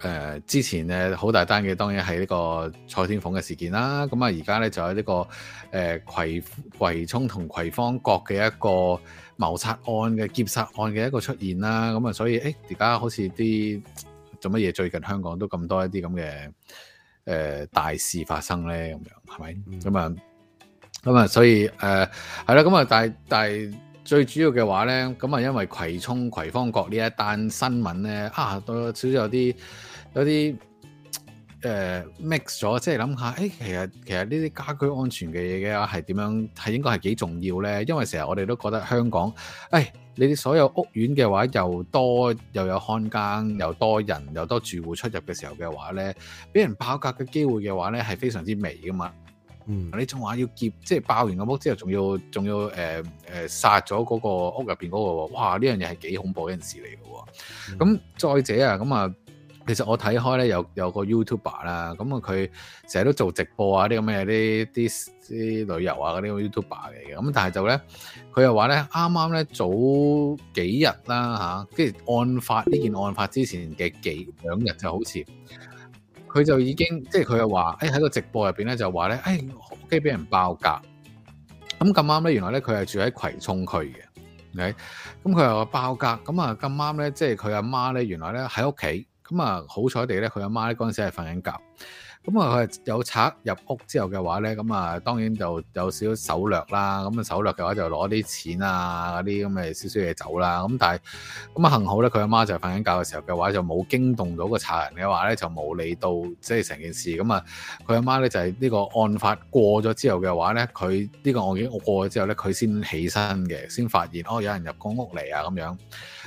B: 呃、之前咧好大單嘅當然係呢個蔡天鳳嘅事件啦。咁啊而家咧就喺呢、這個誒、呃、葵葵涌同葵芳國嘅一個。謀殺案嘅劫殺案嘅一個出現啦，咁啊，所以誒，而、欸、家好似啲做乜嘢？最近香港都咁多一啲咁嘅誒大事發生咧，咁樣係咪？咁、嗯、啊，咁啊，所以誒，係、呃、啦，咁啊，但係但係最主要嘅話咧，咁啊，因為葵涌葵芳角呢一單新聞咧，啊，多少少有啲有啲。誒 mix 咗，即係諗下，誒、欸、其實其實呢啲家居安全嘅嘢嘅話係點樣係應該係幾重要咧？因為成日我哋都覺得香港，誒你哋所有屋苑嘅話又多又有看更又多人又多住戶出入嘅時候嘅話咧，俾人爆格嘅機會嘅話咧係非常之微噶嘛。嗯，你仲話要劫，即係爆完個屋之後要，仲要仲要誒殺咗嗰個屋入邊嗰個，哇！呢樣嘢係幾恐怖嘅件事嚟嘅喎。咁、嗯、再者啊，咁、嗯、啊～其實我睇開咧，有有個 YouTuber 啦，咁啊佢成日都做直播啊啲咁嘅啲啲旅遊啊嗰啲 YouTuber 嚟嘅，咁、嗯、但係就咧佢又話咧啱啱咧早幾日啦吓，跟、啊、住案發呢件案發之前嘅幾兩日就好似佢就已經即係佢又話，誒、哎、喺個直播入邊咧就話咧，誒屋企俾人爆格，咁咁啱咧，原來咧佢係住喺葵涌區嘅，咁佢又話爆格，咁啊咁啱咧，即係佢阿媽咧原來咧喺屋企。咁啊，好彩地咧，佢阿媽咧嗰陣時係瞓緊覺。咁啊，佢有賊入屋之後嘅話咧，咁啊，當然就有少少手掠啦。咁啊，手掠嘅話就攞啲錢啊，嗰啲咁嘅少少嘢走啦。咁但係咁啊，幸好咧，佢阿媽就係瞓緊覺嘅時候嘅話,就話，就冇驚動到個賊人嘅話咧，就冇理到即係成件事。咁啊，佢阿媽咧就係呢個案發過咗之後嘅話咧，佢呢個案件過咗之後咧，佢先起身嘅，先發現哦，有人入公屋嚟啊咁樣。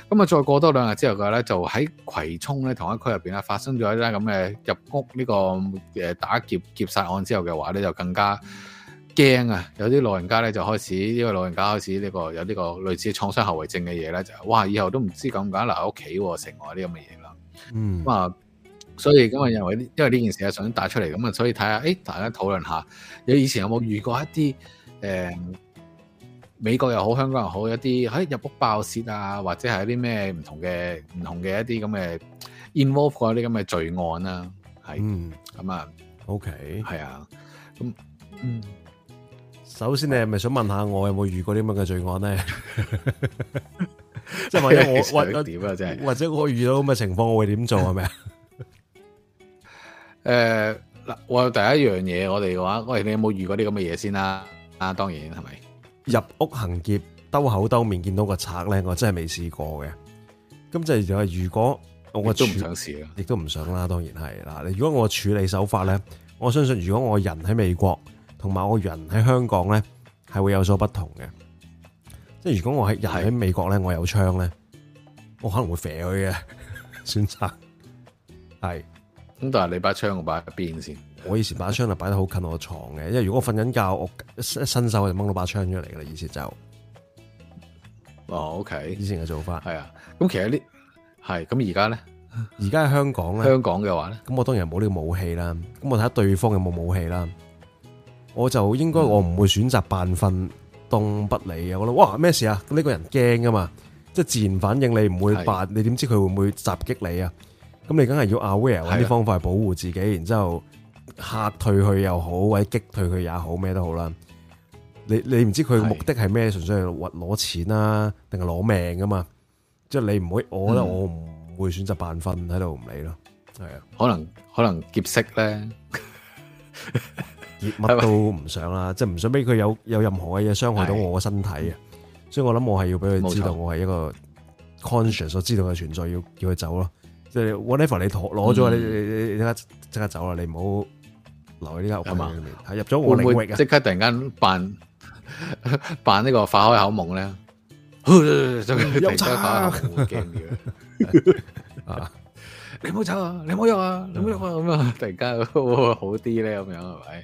B: 咁啊，再過多兩日之後嘅話咧，就喺葵涌咧同一區入邊咧發生咗一啲咁嘅入屋呢個誒打劫劫殺案之後嘅話咧，就更加驚啊！有啲老人家咧就開始，因為老人家開始呢個有呢個類似創傷後遺症嘅嘢咧，就哇！以後都唔知咁唔留喺屋企城外啲咁嘅嘢啦。
C: 嗯，咁
B: 啊，所以咁啊，認為因為呢件事係想帶出嚟，咁啊，所以睇下，誒大家討論下，你以前有冇遇過一啲誒？呃美國又好，香港又好，一啲喺、哎、入屋爆竊啊，或者係一啲咩唔同嘅唔同嘅一啲咁嘅 involve 過啲咁嘅罪案啦，係，嗯咁
A: 啊，OK，係啊，咁嗯，、啊 okay. 啊、嗯，首先你係咪想問下我有冇遇過啲咁嘅罪案咧？即 [laughs] 係 [laughs] 或者我或者點啊？即 [laughs] 或者我遇到咁嘅情況，我會點做係咪啊？誒 [laughs] 嗱，
B: 我、呃、第一樣嘢，我哋嘅話，喂，你有冇遇過啲咁嘅嘢先啦？啊，當然係咪？
A: 入屋行劫，兜口兜面見到個賊咧，我真係未試過嘅。咁即係就係如果我唔想試亦都唔想啦，當然係啦。如果我處理手法咧，我相信如果我人喺美國，同埋我人喺香港咧，係會有所不同嘅。即係如果我喺人喺美國咧，我有槍咧，我可能會射佢嘅選擇。係 [laughs] 咁，但係你把槍我擺喺邊先？我以前把槍就擺得好近我床嘅，因為如果我瞓緊覺，我一伸手我就掹到把槍出嚟嘅啦。以前就哦、是 oh，OK，以前嘅做法係啊。咁其實呢，係咁，而家咧，而家喺香港咧，香港嘅話咧，咁我當然冇呢個武器啦。咁我睇下對方有冇武器啦。我就應該我唔會選擇扮瞓東不理啊。我諗哇咩事啊？呢個人驚噶嘛，即係自然反應你唔會扮。你點知佢會唔會襲擊你啊？咁你梗係要 Aware 揾啲方法去保護自己，然之後。嚇退佢又好，或者擊退佢也好，咩都好啦。你你唔知佢嘅目的係咩，純粹係攞錢啦、啊，定係攞命㗎嘛？即、就、係、是、你唔會，我覺得我唔會選擇扮瞓喺度唔理咯。係、嗯、啊，可能可能劫色咧，劫 [laughs] 乜都唔想啦，即係唔想俾佢有有任何嘅嘢傷害到我嘅身體啊。所以我諗我係要俾佢知道，我係一個 conscious 所知道嘅存在，要叫佢走咯。即係 whatever 你攞咗、嗯，你你即刻即刻走啦，你唔好。入咗我領域，即
B: 刻突然間扮扮呢個發開口夢咧，休息下。你唔好走啊！你唔好喐啊！你唔好喐啊！咁啊，突然間好啲咧，咁樣係咪？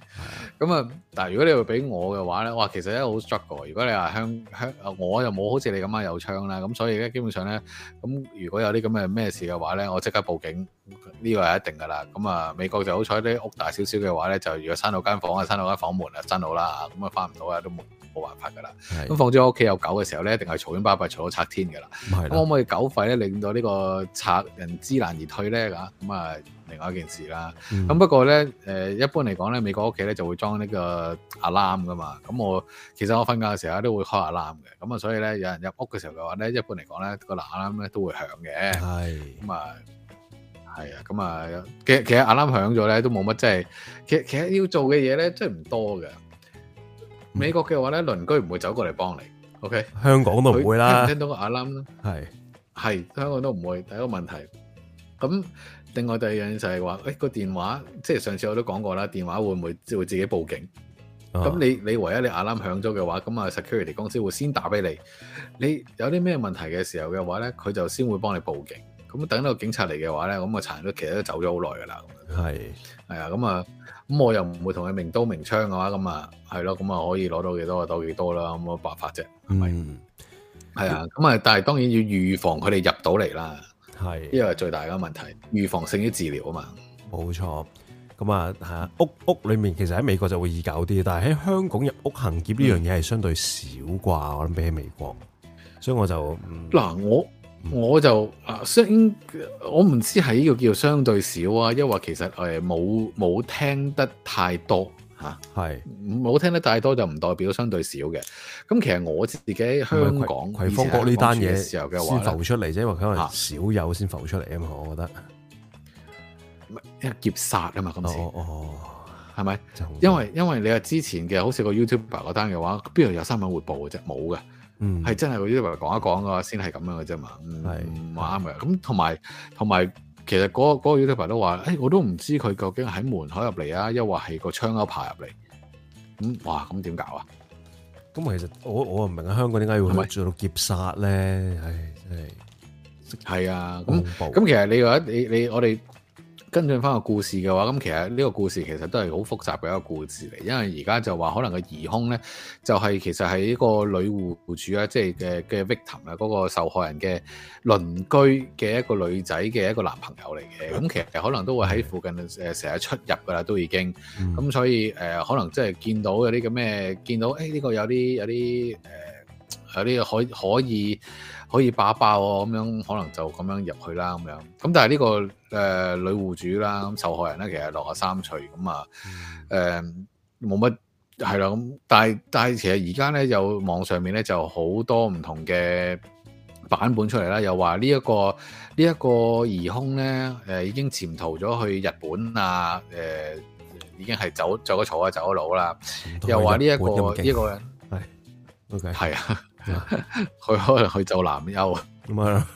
B: 咁啊， [laughs] 但如果你會俾我嘅話咧，哇，其實好 struggle 如果你話香香，我又冇好似你咁啊有槍啦，咁所以咧基本上咧，咁如果有啲咁嘅咩事嘅話咧，我即刻報警，呢、呢個係一定㗎啦。咁啊，美國就好彩啲屋大少少嘅話咧，就如果閂到間房啊，閂到間房門啊，閂到啦，咁啊翻唔到啊都冇。冇辦法噶啦，咁放咗屋企有狗嘅時候咧，一定係嘈喧巴八嘈到拆天噶啦。咁可唔可以狗吠咧令到呢個拆人知難而退咧？嚇，咁啊，另外一件事啦。咁、嗯、不過咧，誒一般嚟講咧，美國屋企咧就會裝呢個阿 l a r m 噶嘛。咁我其實我瞓覺嘅時候都會開阿 l a r m 嘅。咁啊，所以咧有人入屋嘅時候嘅話咧，一般嚟講咧個阿 l a r m 咧都會響嘅。係咁啊，係啊，咁啊，其實阿 l a r m 響咗咧都冇乜，即係其實其實要做嘅嘢咧真係唔多嘅。美國嘅話咧，鄰居唔會走過嚟幫你。OK，
A: 香港都唔會啦。聽，聽到個 alarm 咯，
B: 係係香港都唔會。第一個問題，咁另外第二樣就係話，誒、欸、個電話，即係上次我都講過啦，電話會唔會會自己報警？咁、啊、你你唯一你 alarm 響咗嘅話，咁啊 security 公司會先打俾你。你有啲咩問題嘅時候嘅話咧，佢就先會幫你報警。咁等到警察嚟嘅話咧，咁啊，殘人都其實都走咗好耐噶啦。係係啊，咁啊，咁我又唔會同佢明刀明槍嘅話，咁、嗯、啊，係咯，咁啊，可以攞到幾多就攞幾多啦，咁冇辦法啫，係咪？係啊，咁、嗯、啊，但係當然要預防佢哋入到嚟啦。
A: 係，呢個係最大嘅問題。預防性嘅治療啊嘛。冇錯。咁啊嚇屋屋裡面其實喺美國就會易搞啲，但係喺香港入屋行劫呢樣嘢係相對少啩、嗯，我諗比起美國。所以我就嗱、嗯啊、我。我就
B: 相，我唔知係呢個叫相對少啊，因為其實誒冇冇聽得太多嚇，係、啊、冇聽得太多就唔代表相對少嘅。咁其實我自己香港葵芳閣呢單嘢時候嘅話先浮出
A: 嚟啫，因為佢可能少有先浮出嚟啊嘛，我覺得。一劫殺啊嘛，今次哦哦，係咪？因
B: 為、哦哦、是是因為因為你話之前嘅好似個 YouTube 嗰單嘅話，邊度有新聞會報嘅啫，冇嘅。嗯，係真係嗰 YouTuber 講一講噶，先係咁樣噶啫嘛，係唔啱嘅。咁同埋同埋，其實嗰嗰 YouTuber 都話，誒，我都唔知佢究竟喺門口入嚟啊，又或係個窗口爬入嚟。咁哇，咁點搞啊？
A: 咁其實我我唔明啊，香港點解要做到劫殺咧？唉，真係
B: 係啊，咁咁其實你話你你我哋。跟進翻個故事嘅話，咁其實呢個故事其實都係好複雜嘅一個故事嚟，因為而家就話可能個疑凶咧，就係、是、其實係一個女戶戶主啊，即係嘅嘅 Victim 啊，嗰個受害人嘅鄰居嘅一個女仔嘅一個男朋友嚟嘅，咁其實可能都會喺附近誒成日出入噶啦，都已經，咁所以、呃、可能即係見到有啲咁咩，見到誒呢、哎呢個有啲有啲有啲可可以。可以把爆哦，咁樣可能就咁樣入去啦，咁樣。咁但係呢、這個誒、呃、女戶主啦，咁受害人咧，其實落咗三歲咁啊，誒冇乜係啦。咁、呃、但係但係其實而家咧，有網上面咧就好多唔同嘅版本出嚟啦。又話呢一個呢一、這個疑兇咧，誒、呃、已經潛逃咗去日本，呃日本這個這個 okay. 啊，誒已經係走咗草啊走咗佬啦。又話呢一個呢一個人係係啊。佢 [laughs] 可能去做男優，咁啊，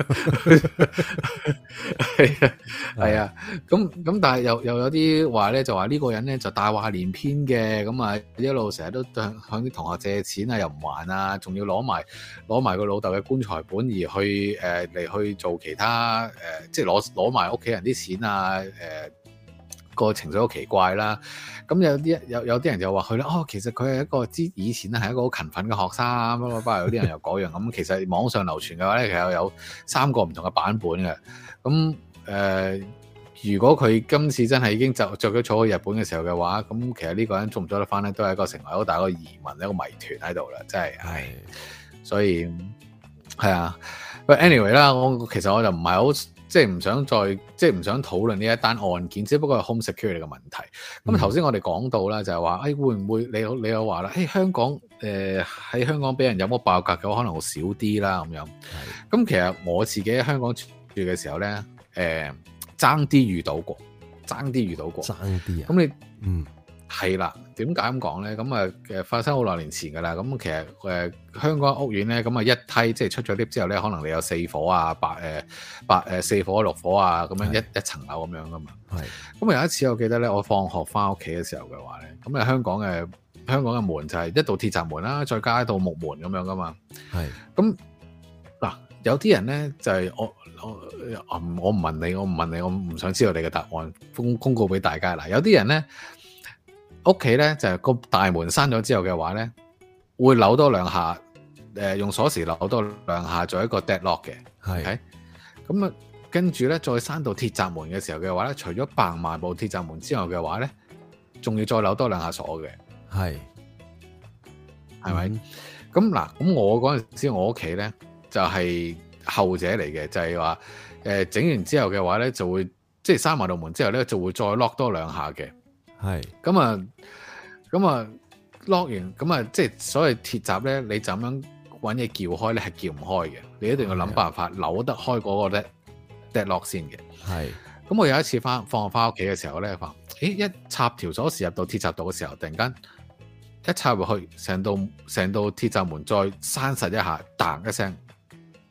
A: 係啊係啊，
B: 咁 [laughs] 咁、啊、但係又又有啲話咧，就話呢個人咧就大話連篇嘅，咁啊一路成日都向向啲同學借錢啊，又唔還啊，仲要攞埋攞埋個老豆嘅棺材本而去誒嚟、呃、去做其他誒、呃，即係攞攞埋屋企人啲錢啊，誒、呃。個情緒好奇怪啦，咁有啲有有啲人就話佢咧，哦，其實佢係一個之以前咧係一個好勤奮嘅學生，不過不過有啲人又嗰樣咁，其實網上流傳嘅話咧，其實有三個唔同嘅版本嘅，咁誒、呃，如果佢今次真係已經就著咗草去日本嘅時候嘅話，咁其實呢個人做唔做得返咧，都係一個成為好大的個疑問、一個謎團喺度啦，真係，所以係啊，但 anyway 啦，我其實我就唔係好。即係唔想再，即係唔想討論呢一單案件，只不過係 home security 嘅問題。咁頭先我哋講到啦，嗯哎、會會就係話，誒會唔會你你又話啦，誒香港誒喺、呃、香港俾人有冇爆格嘅可能會少啲啦，咁樣。咁其實我自己喺香港住嘅時候咧，誒爭啲遇到過，爭啲遇到過，爭啲、啊。咁你嗯。係啦，點解咁講咧？咁啊，發生好耐年前噶啦。咁其實誒，香港屋苑咧，咁啊一梯即係出咗 lift 之後咧，可能你有四火啊，八誒八誒四火六火啊，咁樣一一層樓咁樣噶嘛。係。咁啊有一次我記得咧，我放學翻屋企嘅時候嘅話咧，咁啊香港嘅香港嘅門就係一道鐵閘門啦，再加一道木門咁樣噶嘛。係。咁嗱，有啲人咧就係、是、我我唔問你，我唔問你，我唔想知道你嘅答案公公告俾大家。嗱，有啲人咧。屋企咧就係個大門閂咗之後嘅話咧，會扭多兩下，誒用鎖匙扭多兩下做一個 dead lock 嘅。係，咁啊跟住咧再閂到鐵閘門嘅時候嘅話咧，除咗擺埋部鐵閘門之外嘅話咧，仲要再扭多兩下鎖嘅。
A: 係，係咪？
B: 咁、嗯、嗱，咁我嗰陣時我屋企咧就係後者嚟嘅，就係話誒整完之後嘅話咧就會即係閂埋度門之後咧就會再 lock 多兩下嘅。係咁啊，咁啊 lock 完咁啊、嗯，即係所謂鐵閘咧，你就咁樣揾嘢撬開咧，係撬唔開嘅。你一定要諗辦法扭得開嗰個咧，dead lock 先嘅。係咁、嗯，我有一次翻放學翻屋企嘅時候咧，話，誒，一插條鎖匙入到鐵閘度嘅時候，突然間一插入去，成道成道鐵閘門再閂實一下，彈一聲，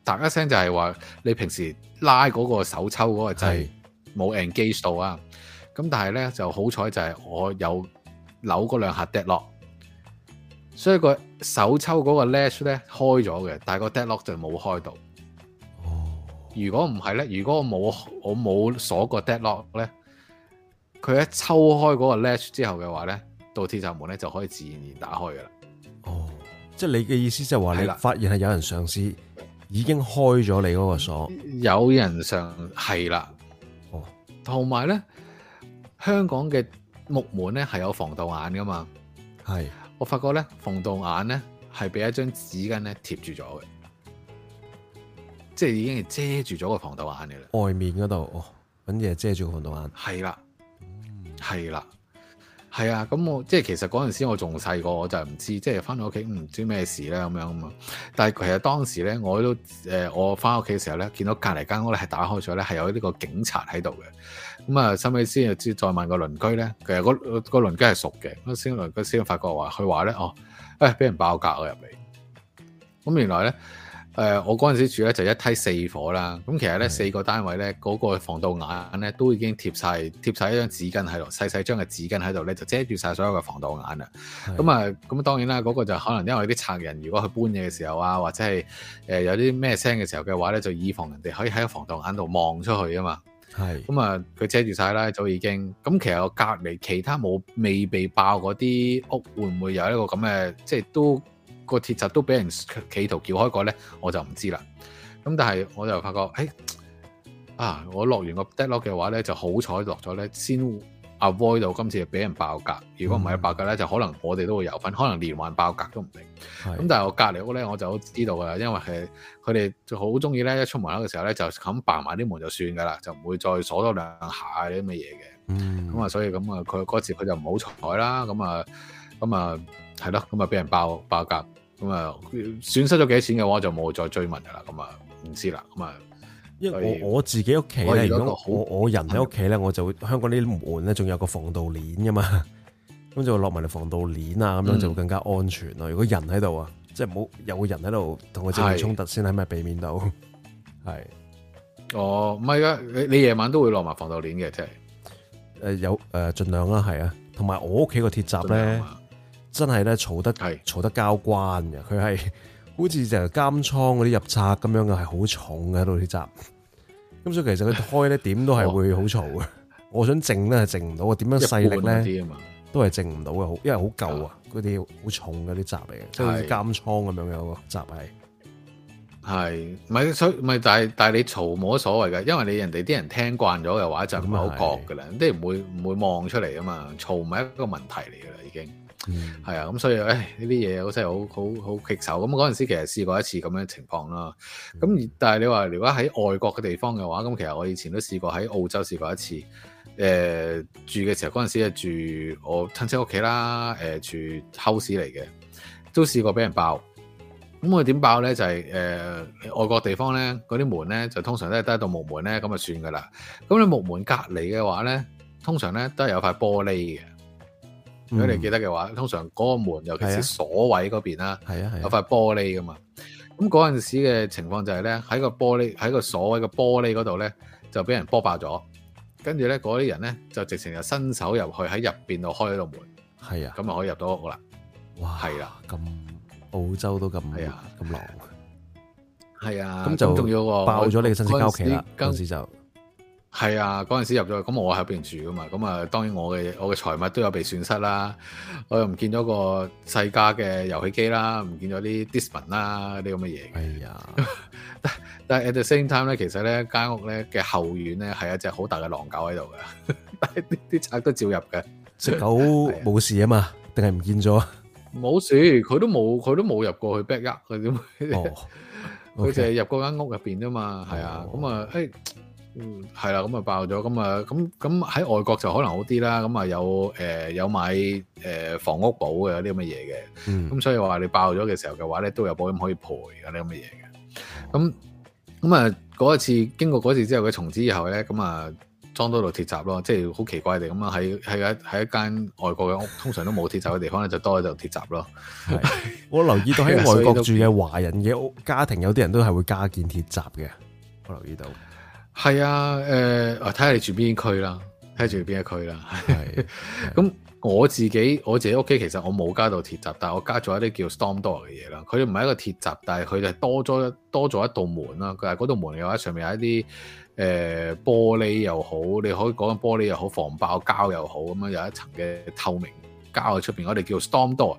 B: 彈一聲就係話你平時拉嗰個手抽嗰個掣冇 engage 到啊。咁但係咧就好彩就係我有扭嗰兩下 deadlock，所以個手抽嗰個 latch 咧開咗嘅，但係個 deadlock 就冇開到。哦，如果唔係咧，如果我冇我冇鎖個 deadlock 咧，佢一抽開嗰個 latch 之後嘅話咧，到鐵閘門咧就可以自然而打開噶啦。
A: 哦，即係你嘅意思就係話你發現係有人上司已經開咗你嗰個鎖，有人上係啦。哦，同埋咧。香港嘅
B: 木門咧係有防盜眼㗎嘛？係，我發覺咧防盜眼咧係俾一張紙巾咧貼住咗嘅，即係已經係遮住咗個防盜眼嘅啦。外面嗰度，咁、哦、搵嘢遮住個防盜眼。係啦，係啦，係啊！咁我即係其實嗰陣時我仲細個，我就唔知道即係翻到屋企唔知咩事咧咁樣啊嘛。但係其實當時咧，我都誒、呃、我翻屋企嘅時候咧，見到隔離間屋咧係打開咗咧，係有呢個警察喺度嘅。咁、嗯、啊，收尾先又至再問個鄰居咧，其實個個鄰居係熟嘅，咁先鄰居先發覺話佢話咧哦，誒、哎、俾人爆格我入嚟。咁原來咧、呃，我嗰陣時住咧就一梯四伙啦。咁其實咧四個單位咧嗰、那個防盜眼咧都已經貼晒，貼晒一張紙巾喺度，細細張嘅紙巾喺度咧就遮住晒所有嘅防盜眼啦。咁啊，咁當然啦，嗰、那個就可能因為啲賊人如果去搬嘢嘅時候啊，或者係、呃、有啲咩聲嘅時候嘅話咧，就以防人哋可以喺個防盜眼度望出去啊嘛。係咁啊，佢、嗯、遮住晒啦，就已經。咁、嗯、其實我隔籬其他冇未被爆嗰啲屋會唔會有一、這個咁嘅，即係都個鐵閘都俾人企圖撬開過咧，我就唔知啦。咁、嗯、但係我就發覺，誒、哎，啊，我落完個 deadlock 嘅話咧，就好彩落咗咧，先。阿 v o i 到今次俾人爆格，如果唔係爆格咧、嗯，就可能我哋都會有份，可能連環爆格都唔定。咁、嗯、但係我隔離屋咧，我就知道啊，因為係佢哋就好中意咧，一出門口嘅時候咧，就咁扮埋啲門就算㗎啦，就唔會再鎖多兩下啲咁嘅嘢嘅。咁啊、嗯，所以咁啊，佢嗰次佢就唔好彩啦。咁啊，咁啊，係咯，咁啊，俾人爆爆格，咁啊，損失咗幾多錢嘅話，就冇再追問㗎啦。咁啊，唔知啦，咁啊。因為我我
A: 自己屋企咧，如果我我人喺屋企咧，我就會香港啲門咧，仲有個防盜鏈噶嘛，咁 [laughs] 就會落埋嚟防盜鏈啊，咁樣就會更加安全咯、嗯。如果人喺度啊，即係唔好有人喺度同佢正面衝突，先係咪避免到？係哦，唔係、呃、啊，你你夜晚都會落埋防盜鏈嘅，即係誒有誒盡量啦，係啊。同埋我屋企個鐵閘咧，真係咧，嘈得係嘈得交關嘅，佢係好似就監倉嗰啲入冊咁樣嘅，係好重嘅，度鐵閘。咁、嗯、所以其實佢開咧點都係會好嘈嘅。哦、我想靜咧靜唔到，點樣細力咧都係靜唔到嘅。好，因為好舊啊，嗰啲好重嗰啲閘嚟嘅，即係好似監倉咁樣嘅個閘係。
B: 係，咪所以咪但係但係你嘈冇乜所謂嘅，因為你人哋啲人聽慣咗嘅話就唔係好覺嘅啦。啲人唔會唔會望出嚟啊嘛，嘈唔係一個問題嚟嘅。 [noise] 啊、嗯，係啊，咁所以，誒、哎，呢啲嘢好真係好好好棘手。咁嗰陣時其實試過一次咁嘅情況啦。咁、嗯、但係你話如果喺外國嘅地方嘅話，咁、嗯、其實我以前都試過喺澳洲試過一次。誒、呃，住嘅時候嗰陣時係住我親戚屋企啦。誒、呃，住 house 嚟嘅，都試過俾人爆。咁我點爆咧？就係、是、誒、呃，外國地方咧，嗰啲門咧就通常都係得一道木門咧，咁就算噶啦。咁你木門隔籬嘅話咧，通常咧都係有塊玻璃嘅。嗯、如果你記得嘅話，通常嗰個門，尤其是鎖位嗰邊啦，係啊，有塊玻璃噶嘛。咁嗰陣時嘅情況就係、是、咧，喺個玻璃，喺個鎖位嘅玻璃嗰度咧，就俾人波爆咗。跟住咧，嗰啲人咧就直情就伸手入去喺入邊度開個門。係啊，咁啊可以入到屋啦。哇，係啊，咁
A: 澳洲都咁，係啊，咁狼。
B: 係啊，咁、啊啊、就爆咗你嘅親戚家屋企啦，跟住就。係啊，嗰陣時入咗去，咁我喺入邊住噶嘛，咁啊，當然我嘅我嘅財物都有被損失啦，我又唔見咗個世嘉嘅遊戲機啦，唔見咗啲 discman 啦，啲咁嘅嘢。係、哎、啊， [laughs] 但但係 at the same time 咧，其實咧間屋咧嘅後院咧係一隻好大嘅狼狗喺度嘅， [laughs] 但係啲賊都照入嘅。
A: 隻狗冇事啊嘛？定係唔見咗？
B: 冇事，佢都冇佢都冇入過去 bite 佢，點？佢就係入嗰間屋入邊啫嘛，係啊，咁、哦、啊，誒、嗯。哎嗯，係啦，咁啊爆咗，咁啊，咁咁喺外國就可能好啲啦，咁啊有誒、呃、有買誒、呃、房屋保嘅啲咁嘅嘢嘅，咁、嗯、所以話你爆咗嘅時候嘅話咧，都有保險可以賠嘅啲咁嘅嘢嘅，咁咁啊嗰一次經過嗰次之後嘅從此以後咧，咁啊裝多度鐵閘咯，即係好奇怪嘅，咁啊喺喺一喺一間外國嘅屋，通常都冇鐵閘嘅地方咧， [laughs] 就多咗度鐵閘咯。
A: 我留意到喺外國住嘅華人嘅屋家庭，有啲人都係會加建鐵閘嘅。我留意到。
B: 係啊，誒、呃，睇下你住邊區啦，睇下住邊一區啦。咁 [laughs] 我自己我自己屋企其實我冇加到鐵閘，但係我加咗一啲叫 storm door 嘅嘢啦。佢唔係一個鐵閘，但係佢就多咗多咗一道門啦。佢係嗰道門嘅話，上面有一啲誒、呃、玻璃又好，你可以講緊玻璃又好，防爆膠又好，咁樣有一層嘅透明膠喺出邊。我哋叫 storm door。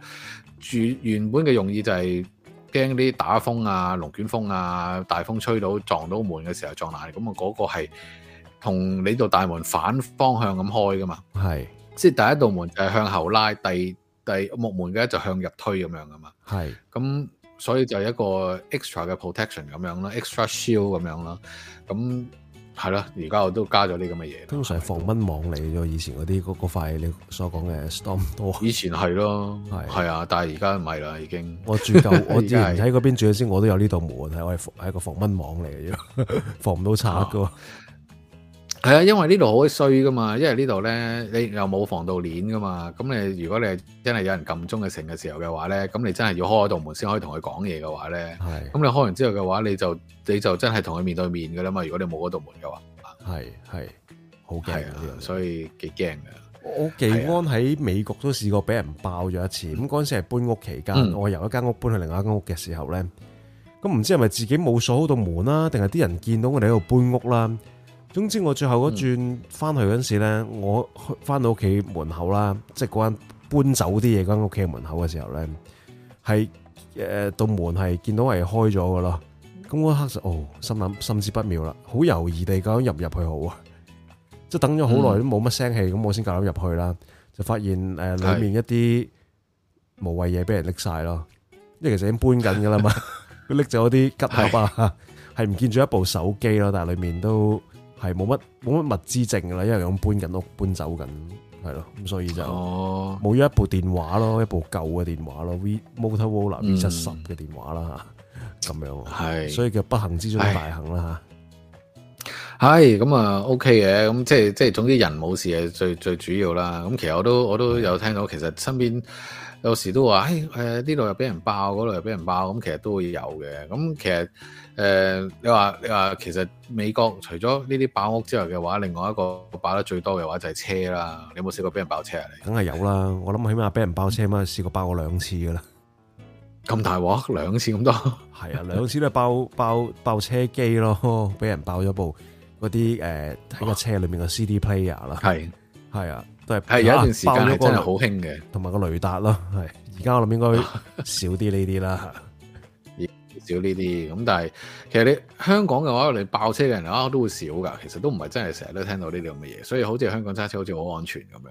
B: 住原本嘅用意就係、是。驚啲打風啊、龍捲風啊、大風吹到撞到門嘅時候撞爛，咁啊嗰個係同你度大門反方向咁開㗎嘛，係，即係第一道門就係向後拉，第第木門咧就向入推咁樣㗎嘛，係，咁所以就一個 extra 嘅 protection 咁樣啦，extra shield 咁樣啦，咁。係啦，而家我都加咗啲咁嘅嘢。
A: 通常係防蚊網嚟，咗以前嗰啲嗰個塊你所講嘅 storm 多。以前係咯，係係啊，但係而家唔係啦，已經。我住舊， [laughs] 我之前喺嗰邊住咗先，我都有呢度門，係我係係一個防蚊網嚟嘅， [laughs] 防唔到賊噶。 [laughs]
B: 係啊，因為呢度好衰噶嘛，因為呢度咧你又冇防盜鏈噶嘛，咁你如果你係真係有人撳鐘嘅成嘅時候嘅話咧，咁你真係要開嗰道門先可以同佢講嘢嘅話咧，係，咁你開完之後嘅話，你就你就真係同佢面對面噶啦嘛，如果你冇嗰道門嘅話，係係好驚啊，所以幾驚噶。我幾安
A: 喺美國都試過俾人爆咗一次，咁嗰陣時係搬屋期間，我由一間屋搬去另外一間屋嘅時候咧，咁唔知係咪自己冇鎖好道門啦，定係啲人見到我哋喺度搬屋啦？總之我最後嗰轉翻去嗰陣時咧，我翻到屋企門口啦，即係嗰間搬走啲嘢嗰間屋企門口嘅時候咧，係誒道門係見到係開咗噶咯。咁嗰一刻就哦，心諗心知不妙啦，好猶豫地咁入入去好啊。即係等咗好耐都冇乜聲氣，咁我先夾膽入去啦，就發現誒裏面一啲無謂嘢俾人拎晒咯。因為其實已經搬緊噶啦嘛，拎咗啲吉盒啊，係唔 [laughs] 見咗一部手機咯，但係裏面都。係冇乜冇乜物資剩噶啦，因為咁搬緊屋搬走緊，係咯，咁所以就冇咗一部電話咯、哦，一部舊嘅電話咯，v Motorola V 七十嘅電話啦吓，咁、嗯、樣，係，所以叫不幸之中大幸啦吓。
B: 係，咁啊 OK 嘅，咁即係即係，總之人冇事係最最主要啦。咁其實我都我都有聽到，其實身邊有時都話，誒、哎，呢度又俾人爆，嗰度又俾人爆，咁其實都會有嘅。咁其實。誒、呃，你話你話，其實美國除咗呢啲爆屋之外嘅話，另外一個爆得最多嘅話就係車啦。你有冇試過俾人爆車啊，你？
A: 梗係有啦，我諗起碼俾人爆車，起碼試過爆過兩次噶啦。咁大鑊，兩次咁多，係啊，兩次都係爆 [laughs] 爆爆，爆車機咯，俾人爆咗部嗰啲誒，喺、呃、個車裏面嘅 CD player 啦。係係啊，都係有一段時間真係好興嘅，同埋個，個雷達咯。係而家我諗應該少啲呢啲啦。 [laughs]
B: 少呢啲咁，但係其實你香港嘅話，你爆車嘅人啊都會少㗎。其實都唔係真係成日都聽到呢啲咁嘅嘢，所以好似香港揸車好似好安全咁樣。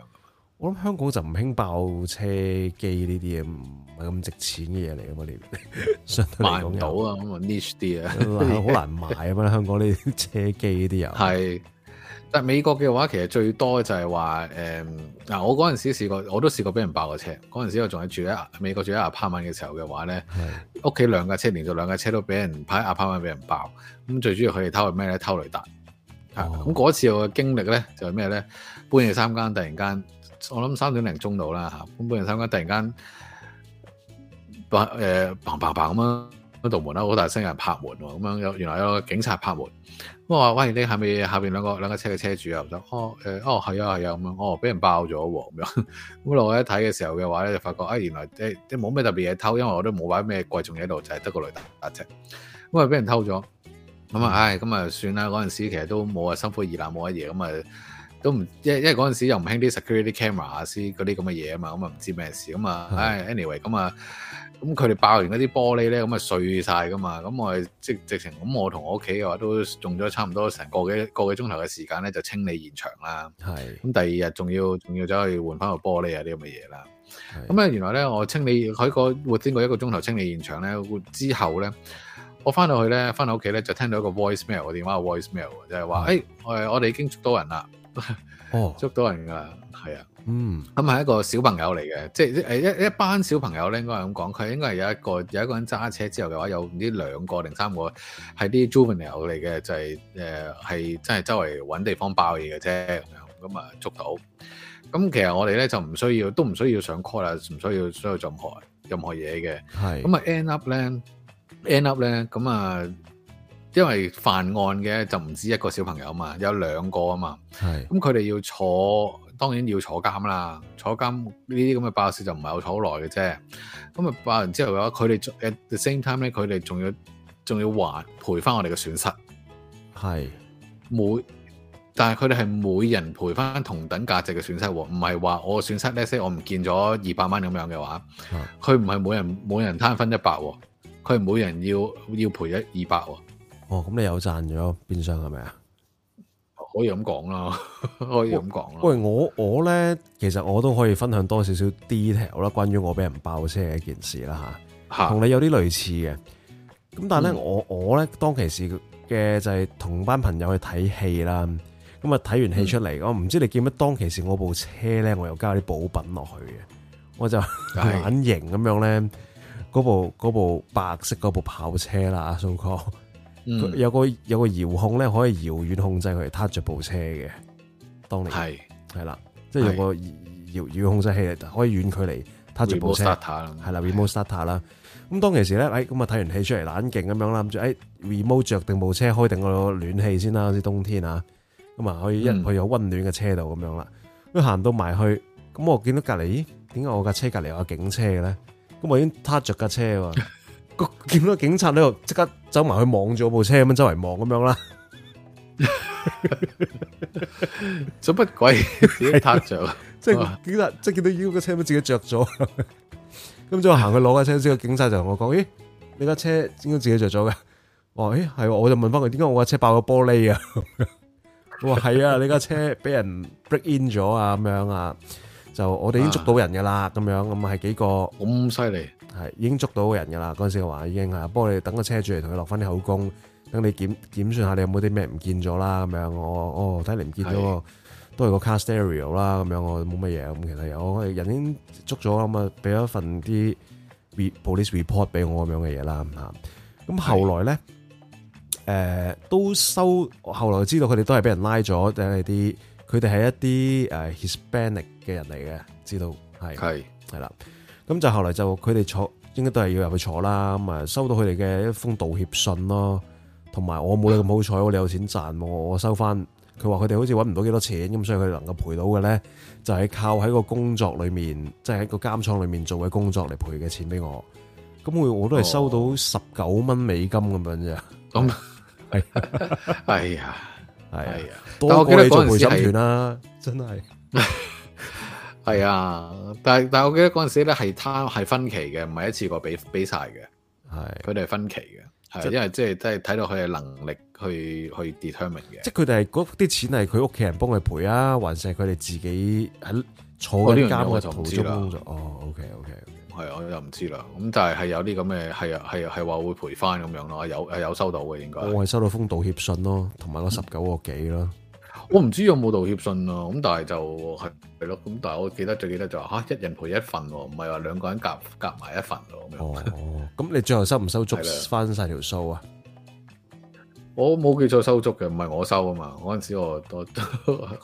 A: 我諗香港就唔興爆車機呢啲嘢，唔係咁值錢嘅嘢嚟噶嘛。你相對嚟講賣唔到啊，咁啊 niche 啲啊，好難賣啊嘛。香港呢啲車機啲又
B: 係。但美國嘅話，其實最多就係話，誒、嗯、嗱，我嗰陣時試過，我都試過俾人爆個車。嗰陣時我仲喺住喺美國住喺阿柏文嘅時候嘅話咧，屋企兩架車，連續兩架車都俾人派阿柏文俾人爆。咁最主要佢哋偷係咩咧？偷雷達。咁、哦、嗰次我嘅經歷咧就係咩咧？半夜三更突然間，我諗三點零鐘到啦嚇。咁半夜三更突然間，砰、呃、嘭，嘭砰咁樣！嗰道門啦，好大聲有人拍門喎，咁樣有原來有個警察拍門，咁我話喂，你係咪下邊兩個兩架車嘅車主啊？就哦誒、欸、哦係啊係啊咁樣，哦俾人爆咗喎咁樣，咁我一睇嘅時候嘅話咧，就發覺啊、哎、原來即即冇咩特別嘢偷，因為我都冇擺咩貴重嘢喺度，就係、是、得個雷達啫，咁啊俾人偷咗，咁啊唉咁啊算啦，嗰陣時其實都冇啊心灰意冷冇乜嘢，咁啊都唔一因為嗰陣時又唔興啲 security camera 啊，啲嗰啲咁嘅嘢啊嘛，咁啊唔知咩事，咁啊唉 anyway 咁啊。咁佢哋爆完嗰啲玻璃咧，咁啊碎晒噶嘛。咁我係即直情咁，我同我屋企嘅話都用咗差唔多成個幾個幾鐘頭嘅時間咧，就清理現場啦。係。咁第二日仲要仲要走去換翻個玻璃啊啲咁嘅嘢啦。係。咁原來咧我清理喺、那個活經過一個鐘頭清理現場咧之後咧，我翻到去咧翻到屋企咧就聽到一個 voice mail，嘅電話，個 voice mail 就係話，誒、欸，我我哋已經捉到人啦，哦、捉到人㗎，係啊。嗯，咁係一個小朋友嚟嘅，即係誒一一,一班小朋友咧，應該係咁講，佢應該係有一個有一個人揸車之後嘅話，有唔知兩個定三個係啲 juvenile 嚟嘅，就係誒係真係周圍搵地方爆嘢嘅啫，咁樣咁啊捉到，咁其實我哋咧就唔需要，都唔需要上 call 啦，唔需要需要任何任何嘢嘅，係咁啊 end up 咧，end up 咧，咁啊因為犯案嘅就唔止一個小朋友啊嘛，有兩個啊嘛，係，咁佢哋要坐。當然要坐監啦，坐監呢啲咁嘅爆事就唔係有坐好耐嘅啫。咁啊爆完之後嘅話，佢哋誒，the same time 咧，佢哋仲要仲要還賠翻我哋嘅損失。係每，但係佢哋係每人賠翻同等價值嘅損失，唔係話我損失咧，即我唔見咗二百蚊咁樣嘅話，佢唔係每人每人攤分一百，佢係每人要要賠一二百。
A: 哦，咁你有賺咗，變相係咪啊？
B: 可以咁講啦，
A: 可以咁講啦。喂，我我咧，其實我都可以分享多少少 detail 啦，關於我俾人爆車嘅一件事啦吓，同你有啲類似嘅。咁但係咧，嗯、我我咧當其時嘅就係同班朋友去睇戲啦。咁啊睇完戲出嚟，嗯、我唔知你記唔記得當其時我部車咧，我又加啲補品落去嘅。我就隱形咁樣咧，嗰部嗰部白色嗰部跑車啦，蘇哥。佢有個有個遙控咧，可以遙遠控制佢哋撻著部車嘅。當年係係啦，即係有個遙遙控制器，可以遠距離撻著部車。係啦，remote starter 啦。咁當其時咧，哎，咁啊睇完戲出嚟冷勁咁樣啦，諗住哎，remote 著定部車開定個暖氣先啦，啲冬天啊，咁啊可以一去有溫暖嘅車度咁樣啦。咁行到埋去，咁我見到隔籬，咦？點解我架車隔籬有架警車嘅咧？咁我已經撻著架車喎。個見到個警察咧，度即刻走埋去望住我部車咁樣，周圍望咁樣啦。做乜鬼自己踏着啊？ [laughs] [laughs] 即係警察，即係見到妖個車都自己着咗。咁之後行去攞架車，之後警察就同我講： [laughs] 咦，你架車應該自己着咗嘅？哦，我話：咦，係，我就問翻佢：點解我架車爆個玻璃啊？我 [laughs] 話：係是啊， [laughs] [laughs] 你架車俾人 break in 咗啊，咁樣啊。就我哋已經捉到人噶啦，咁樣咁係幾個咁犀利，係已經捉到人噶啦。嗰陣時我話已經係，不過你等個車主嚟，同佢落翻啲口供，等你檢檢算下你有冇啲咩唔見咗啦，咁樣我哦睇嚟唔見咗，都係個 car stereo 啦，咁樣我冇乜嘢。咁其實又我人已經捉咗咁啊，俾咗一份啲 police report 俾我咁樣嘅嘢啦。吓，咁後來咧，誒都收。後來知道佢哋都係俾人拉咗，即係啲。佢哋係一啲誒 Hispanic 嘅人嚟嘅，知道係係係啦。咁就後嚟就佢哋坐應該都係要入去坐啦。咁啊，收到佢哋嘅一封道歉信咯，同埋我冇你咁好彩， [laughs] 我哋有錢賺，我收翻。佢話佢哋好似揾唔到幾多錢，咁所以佢哋能夠賠到嘅咧，就係靠喺個工作裏面，即係喺個監倉裏面做嘅工作嚟賠嘅錢俾我。咁我我都係收到十九蚊美金咁樣啫。咁係啊！係啊，但我記得嗰陣時係真係，係啊，
B: 但係但係我記得嗰陣時咧係，他係分期嘅，唔係一次過俾俾晒嘅，係佢哋係分期嘅，係因為即係係睇到佢嘅能力去去 determine
A: 嘅，即係佢哋係嗰啲錢係佢屋企人幫佢賠啊，還是係佢哋自己喺坐喺監嘅途中工作？哦
B: ，oh，OK OK。係，我又唔知啦。咁就係係有啲咁嘅，係係係話會賠翻咁樣咯。有係有收到嘅，應該我係
A: 收到封道歉信咯，同埋嗰十九個幾咯。嗯。
B: 我唔知有冇道歉信咯。咁但係就係係咯。咁但係我記得最記得就話吓，一人賠一份，唔係話兩個人夾夾埋一份咁。哦
A: 哦。咁 [laughs] 你最後收唔收足翻晒條數啊？
B: 我冇記錯收足嘅，唔係我收啊嘛。嗰陣時我我去